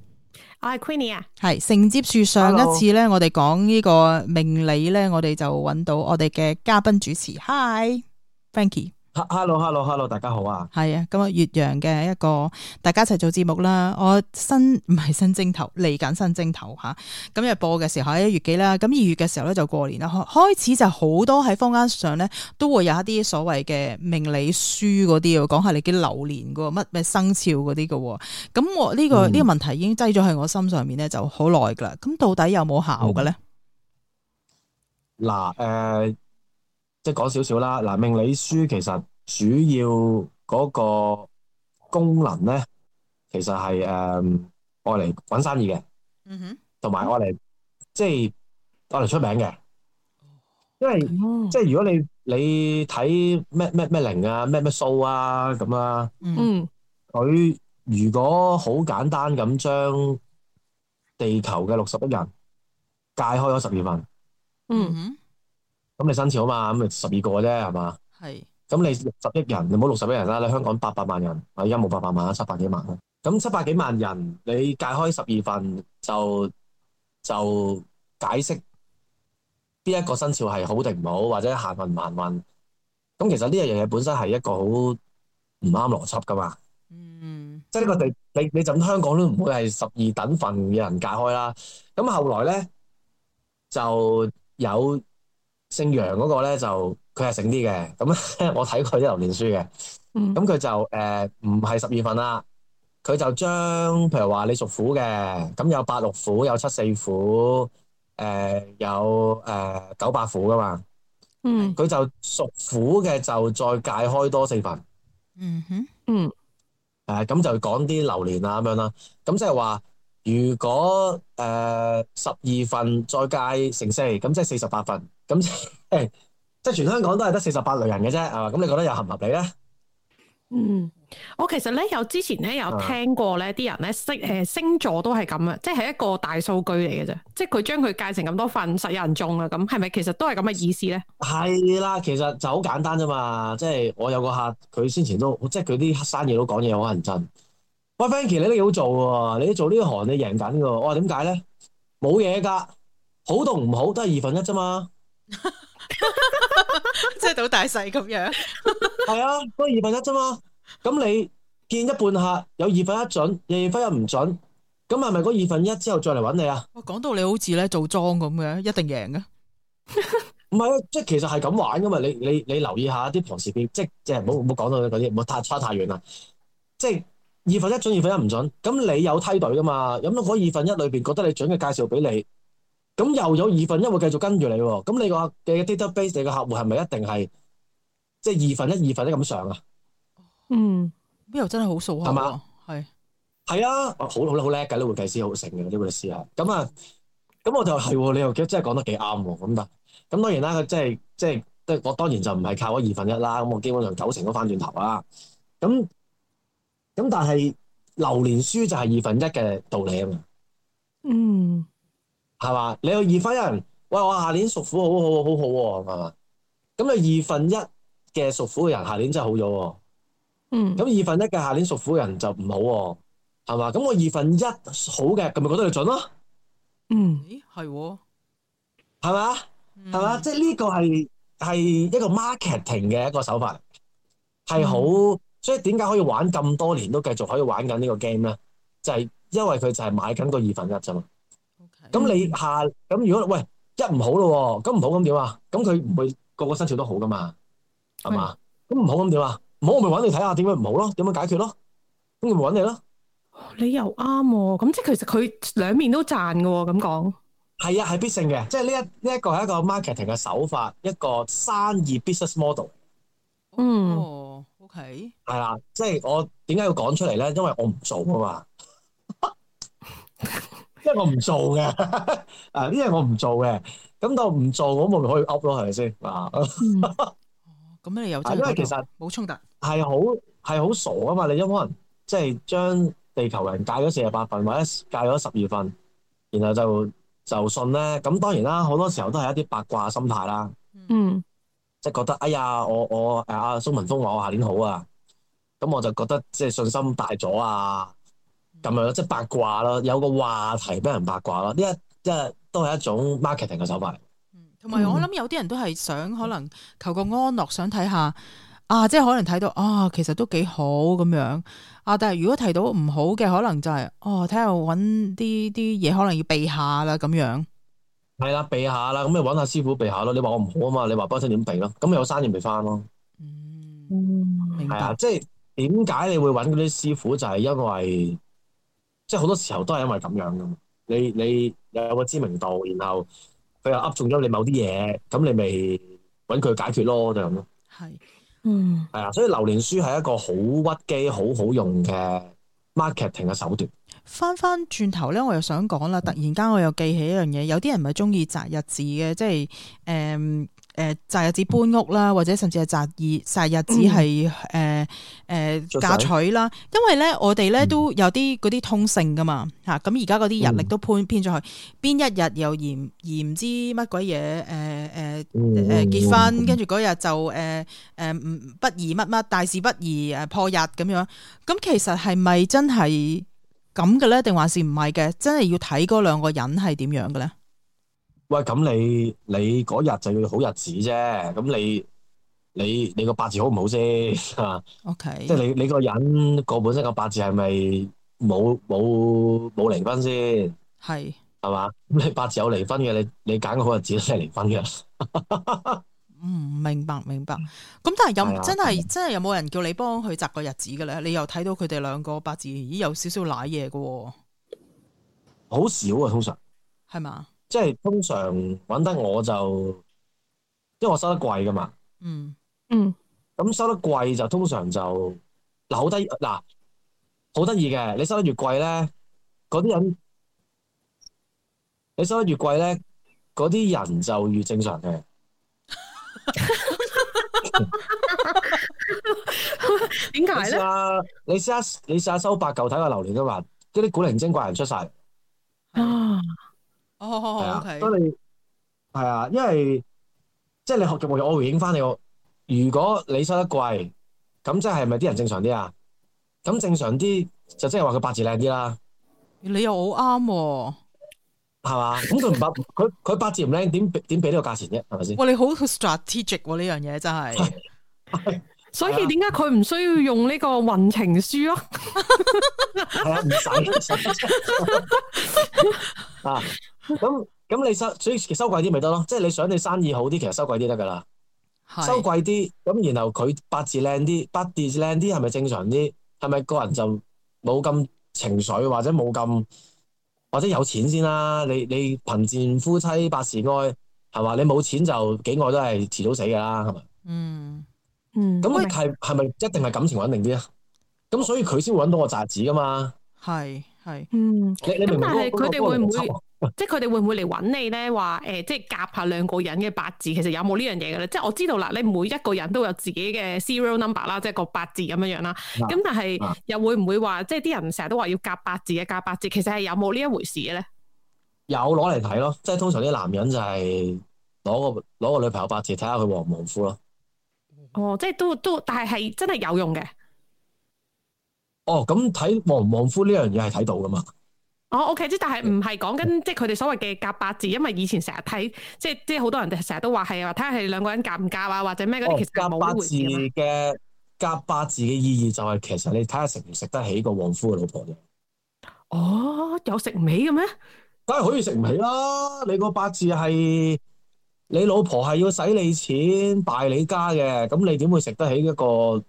我係 Queenie 啊，係承接住上一次咧 Hello.，我哋講呢個命理咧，我哋就揾到我哋嘅嘉賓主持 Hi，Franky。h e l l o h e l l o h e l l o 大家好啊！係啊，今日岳陽嘅一個大家一齊做節目啦。我新唔係新晶頭，嚟緊新晶頭吓、啊。今日播嘅時候喺一月幾啦，咁二月嘅時候咧就過年啦。開始就好多喺坊間上咧都會有一啲所謂嘅命理書嗰啲，講下你嘅流年嗰乜咩生肖嗰啲噶。咁我呢、這個呢、嗯、個問題已經積咗喺我心上面咧就好耐噶啦。咁到底有冇效嘅咧？嗱、嗯，誒、嗯。即係，講少少啦，嗱，命理書其實主要嗰個功能咧，其實係誒，愛嚟搵生意嘅，嗯哼，同埋愛嚟即係愛嚟出名嘅，因為即係如果你你睇咩咩咩靈啊，咩咩數啊咁啊，嗯，佢如果好簡單咁將地球嘅六十億人界開咗十二份，嗯哼。咁你生肖啊嘛，咁咪十二個啫，係嘛？係是。咁你十億人，你冇六十億人啦。你香港八百萬人，啊，而家冇八百萬啦，七百幾萬啦。咁七百幾萬人，你界開十二份，就就解釋邊一個生肖係好定唔好，或者行運唔行運。咁其實呢樣嘢本身係一個好唔啱邏輯噶嘛。嗯。即係呢個地，你你甚至香港都唔會係十二等份嘅人界開啦。咁後來咧就有。姓楊嗰個咧就佢係醒啲嘅，咁我睇過啲流年書嘅，咁佢就誒唔係十二份啦，佢就將譬如話你屬虎嘅，咁有八六虎，有七四虎，誒有誒九八虎㗎嘛，嗯，佢、嗯嗯、就屬虎嘅就再界開多四份，嗯哼，嗯，誒、呃、咁就講啲流年啊咁樣啦，咁即係話。如果誒十二份再介乘四，咁即係四十八份，咁、欸、誒即係全香港都係得四十八類人嘅啫，啊！咁你覺得有合唔合理咧？嗯，我其實咧有之前咧有聽過咧啲人咧星誒星座都係咁啊，即係一個大數據嚟嘅啫，即係佢將佢介成咁多份實有人中啊，咁係咪其實都係咁嘅意思咧？係啦，其實就好簡單啫嘛，即係我有個客，佢先前都即係佢啲黑生意都講嘢好乞人憎。喂 Franky，你都幾好做喎，你做行你贏、呃、呢行你贏緊噶。我話點解咧？冇嘢噶，好同唔好都係二分一啫嘛。即係賭大細咁樣。係啊，都二分一啫嘛。咁你見一半客，有二分一準，二分一唔準，咁係咪嗰二分一之後再嚟搵你啊？我講到你好似咧做莊咁嘅，一定贏啊！唔係啊，即係其實係咁玩噶嘛。你你你留意下啲旁視片，即係即係唔好唔好講到嗰啲，唔好太差太，太遠啦。即係。二分一準，二分一唔準。咁你有梯隊噶嘛？咁嗰二分一裏邊覺得你準嘅介紹俾你，咁又有二分一會繼續跟住你喎。咁你個嘅 database，你個客戶係咪一定係即係二分一、二分一咁上啊？嗯，邊又真係好數啊？係嘛吧？係係是啊！好老啦，好叻嘅啦，會計師好成嘅會計師啊。咁啊，咁我就係你又真係講得幾啱喎。咁、嗯、啊，咁當然啦，佢即係即係，我當然就唔係靠嗰二分一啦。咁我基本上九成都翻轉頭啦。咁咁但係流年書就係二分一嘅道理啊嘛，嗯，係嘛？你有二分一人，喂，我下年屬虎，好好好好好喎，啊，係嘛？咁你二分一嘅屬虎嘅人下年真係好咗喎，啊，嗯。咁二分一嘅下年屬虎嘅人就唔好喎，啊，係嘛？咁我二分一好嘅，咁咪覺得你準咯，啊？嗯，咦，係喎，係嘛，嗯？係嘛？即係呢個係係一個 marketing 嘅一個手法，係好。嗯所以點解可以玩咁多年都繼續可以玩緊呢個 game 咧？就係因為佢就係買緊個二分一啫嘛。咁 Okay. 你下咁如果喂一唔好咯，咁唔好咁點啊？咁佢唔會個個生肖都好噶嘛，係嘛、嗯？咁唔好咁點啊？唔好我咪揾你睇下點樣唔好咯，點樣解決咯？咁咪揾你咯。你又啱喎、哦，咁即係其實佢兩面都賺嘅喎、哦，咁講。係啊，係必勝嘅，即係呢一呢一個係一個 marketing 嘅手法，一個生意 business model。嗯。哦。係，係啦，即係我點解要講出嚟咧？因為我唔做啊嘛，即係我唔做嘅，誒，呢樣我唔做嘅，咁就唔做，我咪可以噏咯，係咪先？啊，哦，咁你又，因為其實冇衝突，係好係好傻啊嘛！你有可能即係將地球人界咗四十八份，或者界咗十二份，然後就就信咧。咁當然啦，好多時候都係一啲八卦心態啦。嗯。即係覺得，哎呀，我我阿蘇、啊、民峰話我下年好啊，咁我就覺得即係信心大咗啊，咁樣即係八卦咯，有個話題俾人八卦咯，呢一即係都係一種 marketing 嘅手法。嗯，同埋我諗有啲人都係想可能求個安樂，想睇下啊，即係可能睇到啊，其實都幾好咁樣啊，但係如果提到唔好嘅，可能就係、是、哦，睇下揾啲啲嘢可能要避下啦咁樣。係啦，避下啦，咁你搵下師傅避下咯。你話我唔好啊嘛，你話幫手點避咯？咁有生意咪翻咯。嗯，明白。係啊，即係點解你會搵嗰啲師傅？就係因為即係好多時候都係因為咁樣噶嘛。你你有個知名度，然後佢又噏中咗你某啲嘢，咁你咪搵佢解決咯，就咁咯。係，嗯，係啊，所以流年書係一個好屈機，好好用嘅 marketing 嘅手段。翻翻轉頭咧，我又想講啦。突然間我又記起一樣嘢，有啲人咪中意擇日子嘅，即係誒誒擇日子搬屋啦，或者甚至係擇二擇日子係誒誒嫁娶啦。因為咧我哋咧都有啲嗰啲通性噶嘛吓。咁而家嗰啲日曆都判編咗去，邊一日又嫌嫌唔知乜鬼嘢誒誒誒結婚，跟住嗰日就誒誒唔不宜乜乜大事不宜誒破日咁樣。咁其實係咪真係？咁嘅咧，定還是唔係嘅？真係要睇嗰兩個人係點樣嘅咧？喂，咁你你嗰日就要好日子啫。咁你你你個八字好唔好先啊？OK，即係你你個人個本身個八字係咪冇冇冇離婚先？係係嘛，咁你八字有離婚嘅，你你揀個好日子都係離婚嘅。 唔、嗯、明白，明白。咁但係有真係真係有冇人叫你幫佢擇個日子嘅咧？你又睇到佢哋兩個八字，咦有少少瀨嘢嘅，好少啊。通常係嘛？嗎即係通常揾得我就，因為我收得貴噶嘛。嗯嗯。咁、嗯、收得貴就通常就嗱好得意嗱，好得意嘅。你收得越貴咧，嗰啲人，你收得越貴咧，嗰啲人就越正常嘅。點解咧？ 你試下，你試下，下收八舊體嘅榴蓮啊嘛，嗰啲古靈精怪人出晒啊！哦，好啊，都係係啊，因為即係你學我，我會回應翻你，我如果你收得貴，咁即係咪啲人正常啲啊？咁正常啲就即係話佢八字靚啲啦。你又好啱喎。係嘛？咁佢唔八，佢佢八字唔靚，點點俾呢個價錢啫？係咪先？哇！你好 strategic 呢樣嘢真係，所以點解佢唔需要用呢個運程書咯？係啊，唔使啊。咁咁你收，所以收貴啲咪得咯？即係你想你生意好啲，其實收貴啲得噶啦。是收貴啲，咁然後佢八字靚啲，八字靚啲係咪正常啲？係咪個人就冇咁情緒或者冇咁？或者有錢先啦，啊，你你貧賤夫妻百事哀，係嘛？你冇錢就幾愛都係遲早死㗎啦，係咪、嗯？嗯嗯。咁佢係咪一定係感情穩定啲啊？咁所以佢先會揾到個侄子㗎嘛？係係，嗯。你你明明但係佢哋會每。即係佢哋會唔會嚟揾你咧？話誒、欸，即係夾下兩個人嘅八字，其實有冇呢樣嘢嘅咧？即係我知道啦，你每一個人都有自己嘅 serial number 啦，即係個八字咁樣樣啦。咁但係又會唔會話，即係啲人成日都話要夾八字嘅夾八字，其實係有冇呢一回事嘅咧？有攞嚟睇咯，即係通常啲男人就係攞個攞個女朋友八字睇下佢旺唔旺夫咯。哦，即係都都，但係係真係有用嘅。哦，咁睇旺唔旺夫呢樣嘢係睇到噶嘛？哦，OK，即但係唔係講緊即係佢哋所謂嘅夾八字，因為以前成日睇，即係即係好多人成日都話係話睇下係兩個人夾唔夾啊，或者咩嗰啲，其實冇嘅。八字嘅夾八字嘅意義就係，其實你睇下食唔食得起個旺夫嘅老婆啫。哦，有食唔起嘅咩？梗係可以食唔起啦！你個八字係你老婆係要使你錢敗你家嘅，咁你點會食得起一個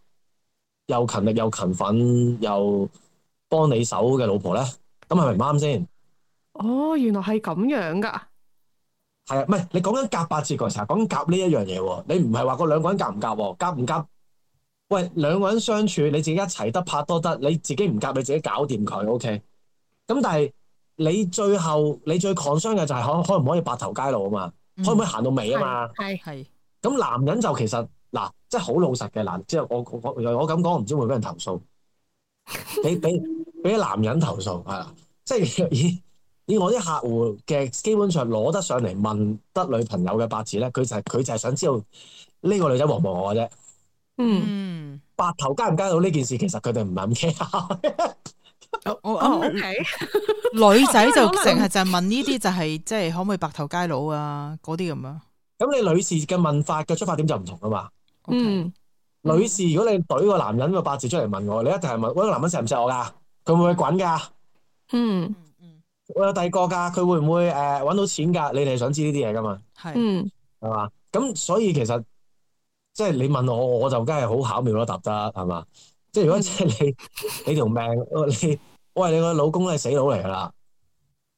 又勤力又勤奮又幫你手嘅老婆咧？咁係咪啱先？是不是不哦，原來係咁樣噶。係啊，唔係你講緊夾八字嗰時，講夾呢一樣嘢。你唔係話個兩個人夾唔夾？夾唔夾？喂，兩個人相處，你自己一齊得拍都得，你自己唔夾，你自己搞掂佢。OK。咁但係你最後你最 concern 嘅就係可可唔可以白頭偕老啊嘛？可唔可以行到尾啊嘛？係係、嗯。咁男人就其實嗱，真係好老實嘅嗱。之後我我我我咁講，唔知會唔會俾人投訴？俾俾。 俾啲男人投訴係啦，即係以以我啲客戶嘅基本上攞得上嚟問得女朋友嘅八字咧，佢就係、是、佢就係想知道呢個女仔旺唔旺我嘅啫。嗯，白頭加唔加到呢件事，其實佢哋唔咁諗嘅。我啱。女仔就成係就係問呢啲就係即係可唔可以白頭雞佬啊？嗰啲咁啊。咁、嗯嗯、你女士嘅問法嘅出發點就唔同啊嘛。嗯，女士如果你懟個男人個八字出嚟問我，你一定係問：喂，個男人錫唔錫我㗎？佢會唔會滾㗎？嗯，我有第二個㗎，佢會唔會誒揾、呃、到錢㗎？你哋想知呢啲嘢㗎嘛？係、嗯，係嘛？咁所以其實即係你問我，我就梗係好巧妙咯，答得係嘛？即係如果即係你、嗯、你條命，你喂你個老公係死佬嚟㗎啦，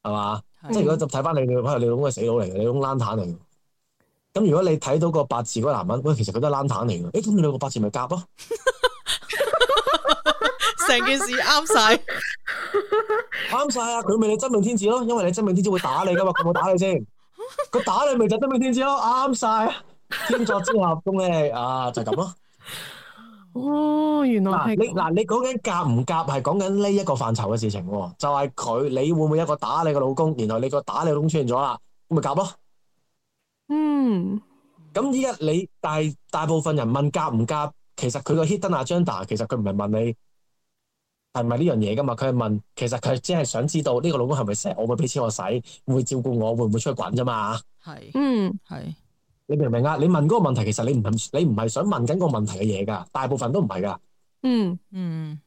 係嘛？嗯、即係如果就睇返你你，喂你老公係死佬嚟㗎，你老公爛攤嚟。咁如果你睇到個八字嗰、嗰個、男人，喂其實佢都係爛攤嚟㗎。誒咁你兩個八字咪夾咯？ 成件事啱晒，啱晒啊！佢咪你真命天子咯，因為你真命天子會打你噶嘛，佢冇打你先，佢打你咪就真命天子咯，啱晒。天作之合，恭喜啊，就係咁咯。哦，原來你嗱你講緊夾唔夾係講緊呢一個範疇嘅事情，就係佢你會唔會一個打你嘅老公，然後你個打你老公出現咗啦，咁咪夾咯。嗯，咁依家你大大部分人問夾唔夾，其實佢個 hit 得阿張達，其實佢唔係問你。係咪呢樣嘢噶嘛？佢係問，其實佢只係想知道呢個老公係咪錫我會俾錢我使，會照顧我，會唔會出去滾啫嘛？係，嗯，係，你明唔明啊？你問嗰個問題，其實你唔係你唔係想問緊個問題嘅嘢噶，大部分都唔係噶。嗯嗯，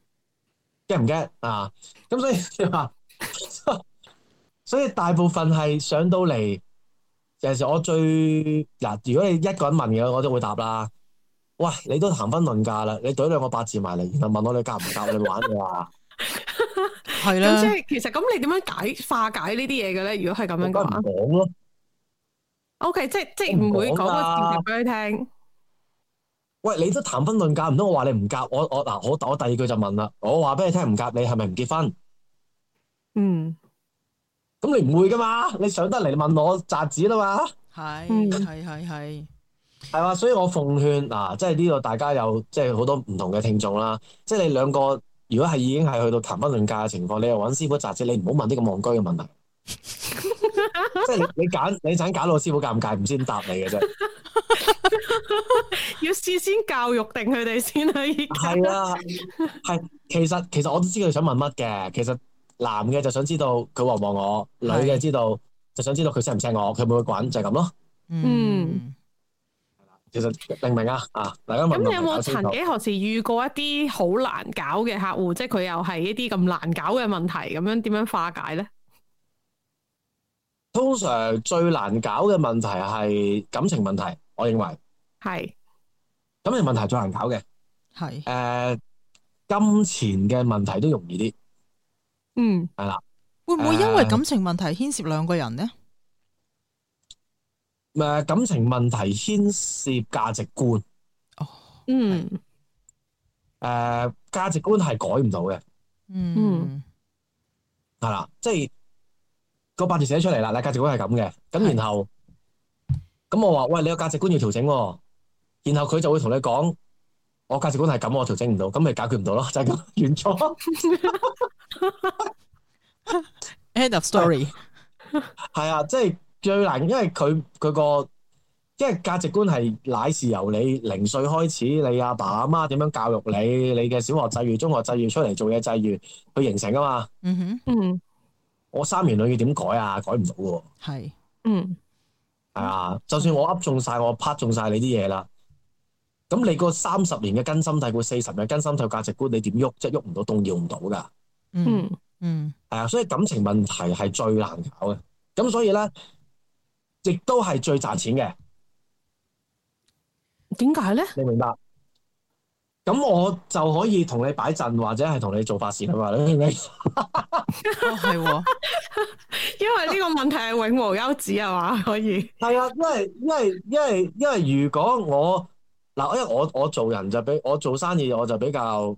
驚唔驚啊？咁所以話， 所以大部分係上到嚟，尤其是我最嗱，如果你一個人問嘅，我都會答啦。喂，你都談婚論嫁啦，你對兩個八字埋嚟，然後問我你夾唔夾？你玩嘅話，係啦。即係其實咁，你點樣解化解呢啲嘢嘅咧？如果係咁樣嘅話，唔講咯。OK，即係即係唔會講個事實俾你聽。喂，你都談婚論嫁，唔通我話你唔夾？我我嗱，我我，我第二句就問啦，我話俾你聽唔夾你，係咪唔結婚？嗯。咁你唔會噶嘛？你上得嚟問我扎紙啦嘛？係係係係。係啊， 所以我奉勸嗱、啊，即係呢度大家有即係好多唔同嘅聽眾啦。即係你兩個，如果係已經係去到談婚論嫁嘅情況，你又揾師傅扎住，你唔好問呢咁戇居嘅問題。 即係你揀，你想搞到師傅尷尬，唔知點答你嘅啫。 要事先教育定佢哋先啦，依家係啊，係其實其實我都知佢想問乜嘅。其實男嘅就想知道佢望唔望我，女嘅知道是就想知道佢錫唔錫我，佢會唔會滾就係、是、咁咯。嗯。 其實，明唔明啊？啊，大家咁你有冇曾幾何時遇過一啲好難搞嘅客戶？即係佢又係一啲咁難搞嘅問題，咁樣點樣化解咧？通常最難搞嘅問題係感情問題，我認為係是感情問題最難搞嘅係誒，是 uh, 金錢嘅問題都容易啲，嗯，係啦，了會唔會因為感情問題牽涉兩個人咧？誒，感情問題牽涉價值觀，嗯、Oh. Mm.，誒、呃，價值觀係改唔到嘅，嗯，係啦，即係個八字寫出嚟啦，嗱，價值觀係咁嘅，咁然後，咁的、嗯、我話喂，你個價值觀要調整、啊，然後佢就會同你講，我價值觀係咁，我調整唔到，咁咪解決唔到咯，就係、是、咁完咗 ，End of story，係啊，即係。最難，因為佢佢個，因為價值觀係乃是由你零歲開始，你阿爸阿媽點樣教育你，你嘅小學際遇、中學際遇出嚟做嘢際遇去形成噶嘛。嗯哼，嗯，我三言兩語要點改啊？改唔到噶。係，嗯，係啊，就算我噏中晒，我拍中晒你啲嘢啦，咁你個三十年嘅根深蒂固、四十嘅根深蒂固價值觀，你點喐？即係喐唔到，動搖唔到噶。嗯嗯，係、嗯、啊，所以感情問題係最難搞嘅。咁所以咧。亦都係最賺錢嘅，點解咧？你明白？咁我就可以同你擺陣，或者係同你做法事。啊嘛？你明唔明？係， 因為呢個問題係永無休止啊嘛？可以。係 啊，因為因為因為因為如果我嗱，因為我我，我做人就比我做生意，我就比較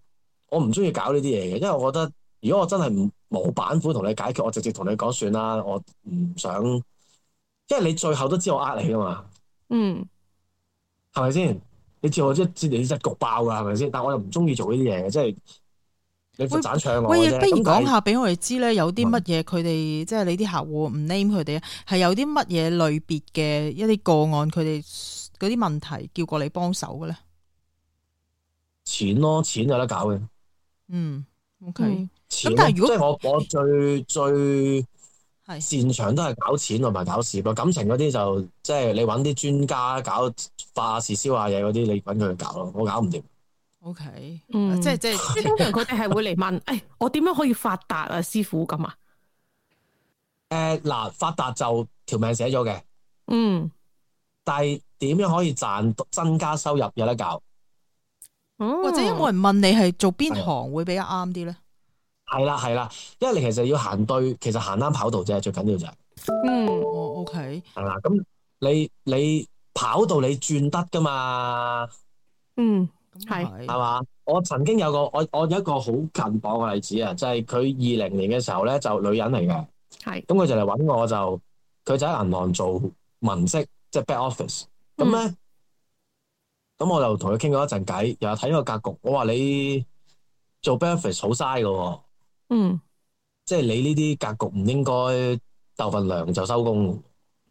我唔中意搞呢啲嘢嘅，因為我覺得如果我真係唔冇板斧同你解決，我直接同你講算啦，我唔想。即係你最後都知我呃你噶嘛？嗯，係咪先？你知我一你一隻局爆噶，係咪先？但係我又唔中意做呢啲嘢，即係你斬槍我。喂，不如講下俾我哋知咧，有啲乜嘢佢哋即係你啲客戶唔 name 佢哋，係有啲乜嘢類別嘅一啲個案，佢哋嗰啲問題叫過你幫手嘅咧？錢咯，錢有得搞嘅。嗯，OK。咁但係如果我我最最，最擅長都係搞錢同埋搞事咯，感情嗰啲就即係你揾啲專家搞化事燒下事、燒下嘢嗰啲，你揾佢去搞咯，我搞唔掂。OK，嗯，即係即係，通常佢哋係會嚟問，誒、哎，我點樣可以發達啊，師傅咁啊？誒、呃，嗱，發達就條命寫咗嘅，嗯，但係點樣可以賺增加收入有得教？哦、嗯，或者有冇人問你係做邊行會比較啱啲咧？係啦，係啦，因為你其實要行對，其實行啱跑道啫，最緊要就係。嗯，OK 係啦，咁、哦 okay、你你跑道你轉得噶嘛？嗯，係，係嘛？我曾經有個我我有一個好近榜嘅例子啊，就係佢二零年嘅時候咧，就是、女人嚟嘅。係的。咁佢就嚟揾我就，佢就喺銀行做文職，即係 back office。咁咧、咁、嗯、我就同佢傾咗一陣偈，又有睇個格局。我話你做 back office 好嘥嘅。嗯，即係你呢啲格局唔應該斗份糧就收工，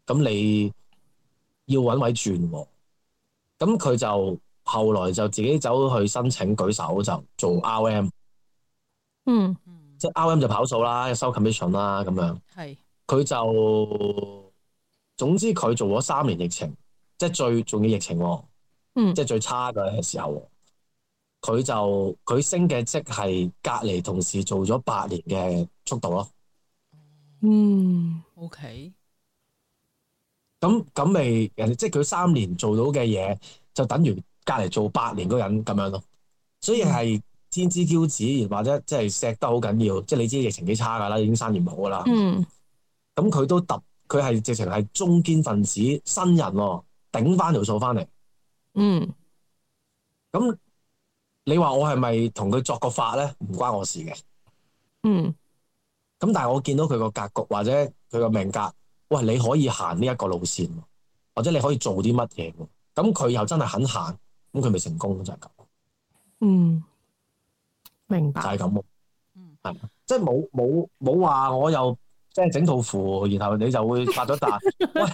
咁你要揾位轉喎，啊，咁佢就後來就自己走去申請舉手就做 RM，嗯，即係 RM 就跑數啦，收 commission 啦咁樣，係是，佢就總之佢做咗三年疫情，即係最重要疫情，啊，嗯，即係最差嘅時候，啊。佢就佢升嘅職係隔籬同事做咗八年嘅速度咯。嗯，OK。咁咁咪人哋即係佢三年做到嘅嘢，就等於隔籬做八年嗰人咁樣咯。所以係天之驕子，或者即係錫得好緊要。即係你知疫情幾差噶啦，已經三年唔好噶啦。嗯。咁佢都突，佢係直情係中堅分子新人咯，頂翻條數翻嚟。嗯。咁、嗯。你話我係咪同佢作個法咧？唔關我事嘅。嗯。咁但係我見到佢個格局或者佢個命格，喂，你可以行呢一個路線，或者你可以做啲乜嘢。咁佢又真係肯行，咁佢咪成功就係咁。嗯，明白。就係咁。嗯。係。即係冇冇冇話我又即係整套符，然後你就會發咗達。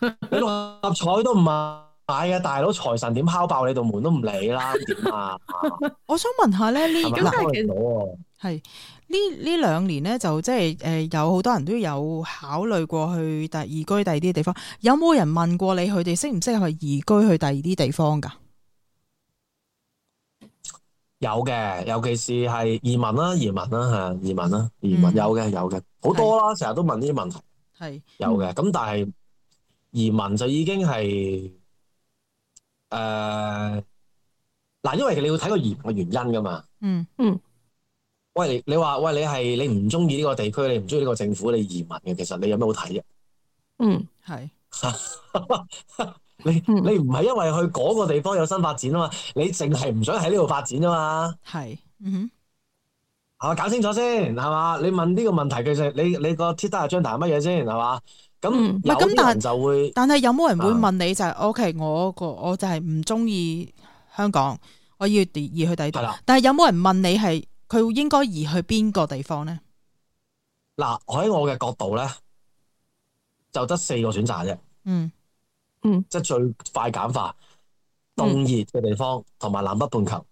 喂，你六合彩都唔買。係啊，大佬，財神點敲爆你道門都唔理啦，點 啊？ 我想問下咧，呢咁但係其實係呢，呢兩年咧，就即係誒，有好多人都有考慮過去移居第二啲地方。有冇人問過你佢哋適唔適合去移居去第二啲地方噶？有嘅，尤其是係移民啦、啊，移民啦、啊、吓，移民啦、啊，移民、啊移民嗯、有嘅，有嘅，好多啦，成日的都問呢啲問題，係的有嘅。咁但係移民就已經係。誒，嗱，uh，因為你要睇個移民嘅原因噶嘛。嗯嗯喂。喂，你你話喂，你係你唔中意呢個地區，你唔中意呢個政府，你移民嘅，其實你有咩好睇啫？嗯，係 你你唔係因為去嗰個地方有新發展啊嘛？你淨係唔想喺呢度發展啊嘛？係。嗯哼。啊，搞清楚先，係嘛？你問呢個問題，其實你你個 title 係張台乜嘢先，係嘛？咁咁，嗯，但係但係有冇人會問你就係，O K，我個我就係唔中意香港，我要移去第度。係啦，但係有冇人問你係佢應該移去邊個地方咧？嗱，嗯，我喺我嘅角度咧，就得四個選擇啫。嗯嗯，即係最快簡化凍熱嘅地方同埋，嗯，南北半球。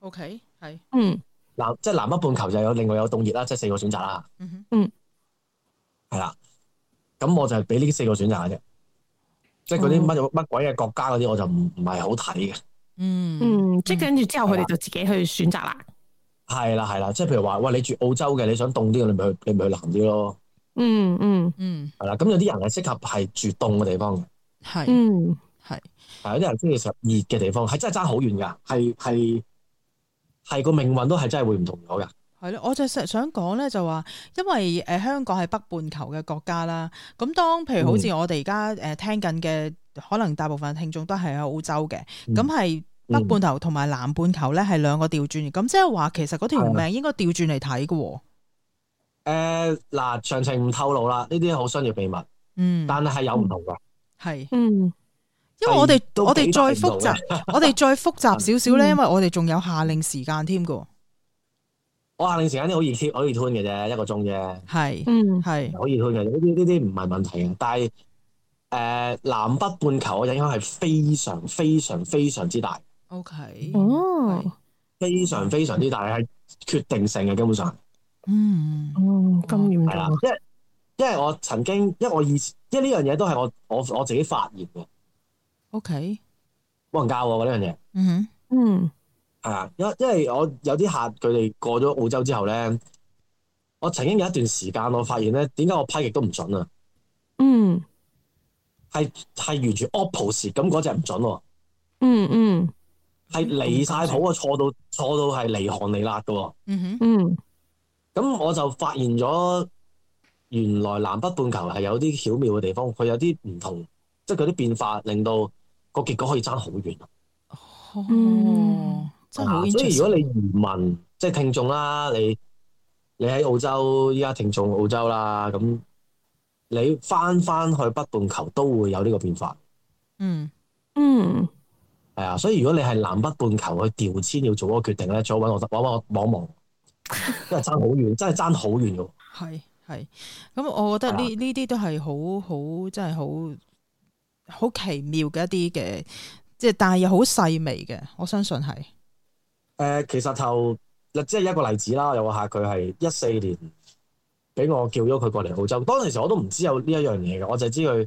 O K，係嗯，嗱，即係南北半球就有另外有凍熱啦，即係四個選擇啦。嗯嗯，係啦，嗯。嗯咁我就係俾呢四個選擇嘅啫，即係嗰啲乜乜鬼嘅國家嗰啲，我就唔唔係好睇嘅。嗯嗯，嗯即係跟住之後佢哋吧就自己去選擇啦。係啦係啦，即係譬如話，喂，你住澳洲嘅，你想凍啲，你咪去，你咪去南啲咯。嗯嗯嗯，係、嗯、啦。咁有啲人係適合係住凍嘅地方嘅。係。嗯係。係有啲人中意食熱嘅地方，係真係爭好遠噶，係係係個命運都係真係會唔同咗噶。係咯，我就實想講咧，就話，因為誒香港係北半球嘅國家啦。咁當譬如好似我哋而家誒聽緊嘅，嗯、可能大部分聽眾都係喺澳洲嘅。咁係、嗯、北半球同埋南半球咧，係兩個調轉。咁即係話，其實嗰條命應該調轉嚟睇嘅。誒、嗯，嗱、呃，詳、呃、情唔透露啦，呢啲好商業秘密。嗯。但係係有唔同嘅。係、嗯。嗯。因為我哋我哋再複雜，我哋再複雜少少咧，因為我哋仲有夏令時間添嘅。我限定時間啲好易切，可以 tune 嘅啫，一個鐘啫。係是，嗯，係，好易 tune 嘅，呢啲呢啲唔係問題嘅。但係，誒、呃，南北半球嘅影響係非常非常非常之大。O K，非常非常之大，係、嗯、決定性嘅，基本上。嗯，哦、嗯，咁嚴重。係啦，即係，即係我曾經，即係我以前，即係呢樣嘢都係我我我自己發現嘅。O K，冇人教我呢樣嘢。嗯、這個、嗯。嗯係啊，因因為我有啲客佢哋過咗澳洲之後咧，我曾經有一段時間，我發現咧，點解我批極都唔準啊？嗯，係係完全 opposite，咁嗰隻唔準喎、啊。嗯嗯，係離晒譜啊，錯到錯到係離寒離辣噶。嗯哼，咁、嗯、我就發現咗，原來南北半球係有啲巧妙嘅地方，佢有啲唔同，即係佢啲變化令到個結果可以差好遠。嗯、哦。啊、所以如果你移民，即係聽眾啦，你你喺澳洲依家聽眾澳洲啦，咁你翻翻去北半球都會有呢個變化，嗯。嗯嗯，係啊，所以如果你係南北半球去調遷，要做個決定咧，再搵我搵我望望， 因為爭好遠，真係爭好遠嘅。係係，咁我覺得呢呢啲都係好好，真係好好奇妙嘅一啲嘅，即係但係又好細微嘅，我相信係。誒、呃，其實頭，即係一個例子啦。又話下，佢係一四年，俾我叫咗佢過嚟澳洲。當其時我都唔知有呢一樣嘢嘅，我就知佢，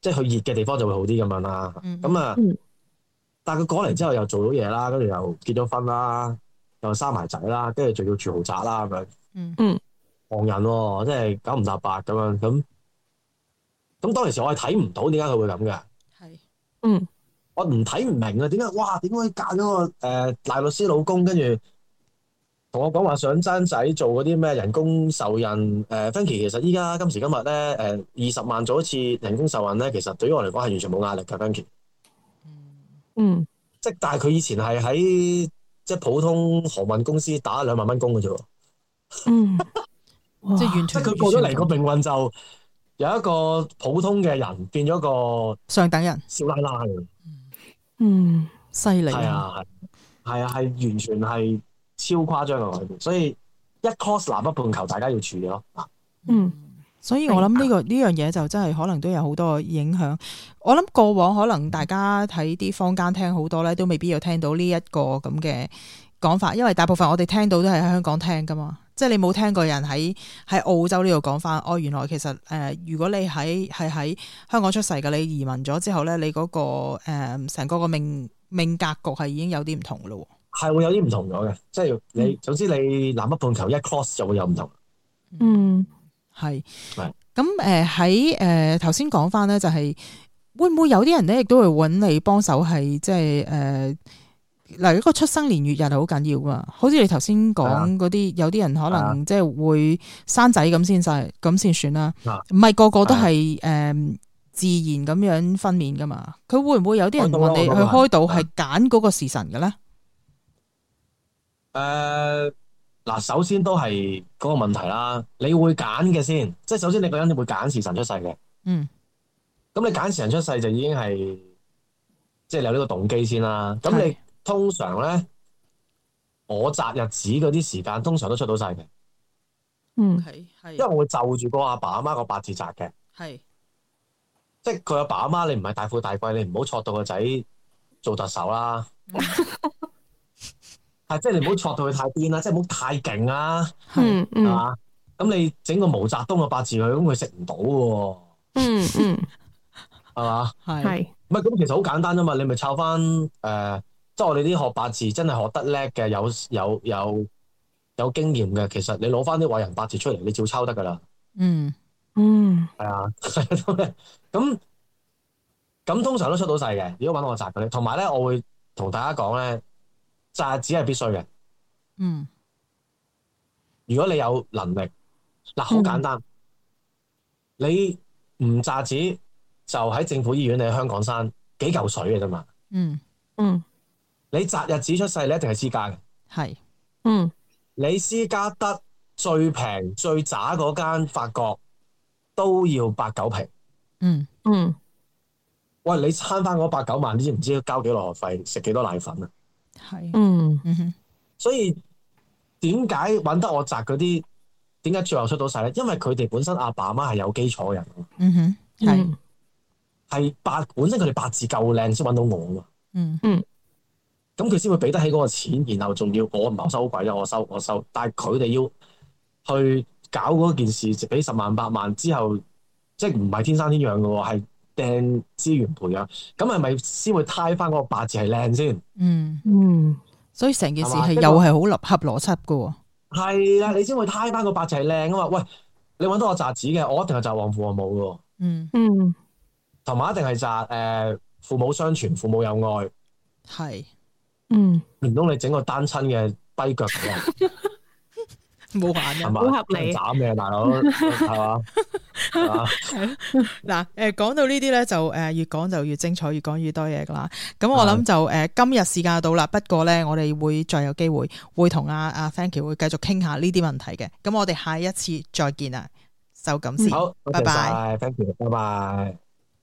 即係去熱嘅地方就會好啲咁、嗯、樣啦。咁啊，嗯、但係佢過嚟之後又做到嘢啦，跟住又結咗婚啦，又生埋仔啦，跟住仲要住豪宅啦咁樣。嗯嗯，狂人、喎，即係九唔搭八咁樣咁。咁當其時我係睇唔到點解佢會咁噶？係是，嗯。我唔睇唔明啊，點解哇？點解嫁咗個誒大律師老公，跟住同我講話想生仔做嗰啲咩人工受孕？誒 Franky 其實依家今時今日咧，誒二十萬做一次人工受孕咧，其實對於我嚟講係完全冇壓力噶。Franky 嗯，即但係佢以前係喺即係普通航運公司打兩萬蚊工嘅啫喎。即係完全。佢過咗嚟，個命運就有一個普通嘅人變咗個上等人，少奶奶。嗯，犀利啊！係啊，係，啊，係完全係超誇張嘅改變，所以一 cross 南北半球，大家要注意咯。嗯，嗯所以我諗呢、這個呢樣嘢就真係可能都有好多影響。我諗過往可能大家喺啲坊間聽好多咧，都未必有聽到呢一個咁嘅講法，因為大部分我哋聽到都係喺香港聽㗎嘛。即係你冇聽過人喺喺澳洲呢度講翻，哦，原來其實誒、呃，如果你喺係喺香港出世嘅，你移民咗之後咧，你嗰、嗰個誒成個個命命格局係已經有啲唔同嘅咯，係會有啲唔同咗嘅，即係你、嗯、總之你南北半球一 cross 就會有唔同。嗯，係係是，咁誒喺誒頭先講翻咧，就係、是、會唔會有啲人咧，亦都會揾你幫手，係即係誒。嗱，如果出生年月日係好緊要噶嘛，好似你頭先講嗰啲，的有啲人可能即係會生仔咁先晒，咁先的算啦。唔係的個個都係誒的自然咁樣分娩噶嘛？佢會唔會有啲人問你開我人去開到係揀嗰個時辰嘅咧？誒，嗱，首先都係嗰個問題啦。你會揀嘅先，即係首先你個人會揀時辰出世嘅。嗯。咁你揀時辰出世就已經係，即係有呢個動機先啦。咁你。通常咧，我擇日子嗰啲時間通常都出到晒嘅。嗯，係，因為我會就住個阿爸阿媽個八字擇嘅。係是，即係佢阿爸阿媽，你唔係大富大貴，你唔好錯到個仔做特首啦，啊。係， 即係你唔好錯到佢太癲啦，啊，即係唔好太勁啦。係是，嘛吧？咁你整個毛澤東個八字佢，咁佢食唔到嘅。嗯、呃、嗯，係嘛？係。唔係咁，其實好簡單啊嘛，你咪抄翻誒。 即係我哋啲學八字真係學得叻嘅，有有有有經驗嘅，其實你攞翻啲偉人八字出嚟，你照抄得噶啦。嗯是的 嗯，係、嗯、啊、咁咁、 嗯嗯、 通常都出到世嘅，如果揾我扎嘅，同埋咧，我會同大家講咧，扎子係必須嘅。嗯，如果你有能力，嗱、啊、好簡單，嗯、你唔扎子就喺政府醫院你喺香港生幾嚿水嘅啫嘛。嗯嗯。嗯你擇日子出世，你一定係私家嘅。係，嗯，你私家得最平最渣嗰間法國都要八九平。嗯嗯，嗯喂，你慳翻嗰八九萬，你知唔知要交幾耐學費，食幾多奶粉啊？係，嗯嗯，嗯所以點解揾得我擇嗰啲？點解最後出到世咧？因為佢哋本身阿爸阿媽係有基礎人。嗯哼，係係八，本身佢哋八字夠靚，先揾到我噶嘛，嗯。嗯嗯。咁佢先會俾得起嗰個錢，然後仲要我唔係我收貴啫，我收我收，但係佢哋要去搞嗰件事，就俾十萬八萬之後，即係唔係天生天養嘅，係掟資源培養。咁係咪先會 tie 翻嗰個八字係靚先？嗯嗯，所以成件事係又係好立合邏輯嘅。係啦，你先會 tie 翻個八字係靚啊嘛？喂，你揾到我砸子嘅，我一定係砸旺父旺母嘅。嗯嗯，同埋、嗯嗯、一定係砸誒父母雙全，父母有愛。係。嗯，唔通你整個單身嘅跛腳嘅，冇玩 啊，好合理，斬嘅大佬，係嘛 ？嗱，誒，講到呢啲咧，就誒、呃，越講就越精彩，越講越多嘢噶啦。咁我諗就誒、呃，今日時間到啦。不過咧，我哋會再有機會，會同阿阿 Franky 會繼續傾下呢啲問題嘅。咁我哋下一次再見啦，就咁先，嗯嗯、好謝謝，拜拜拜拜。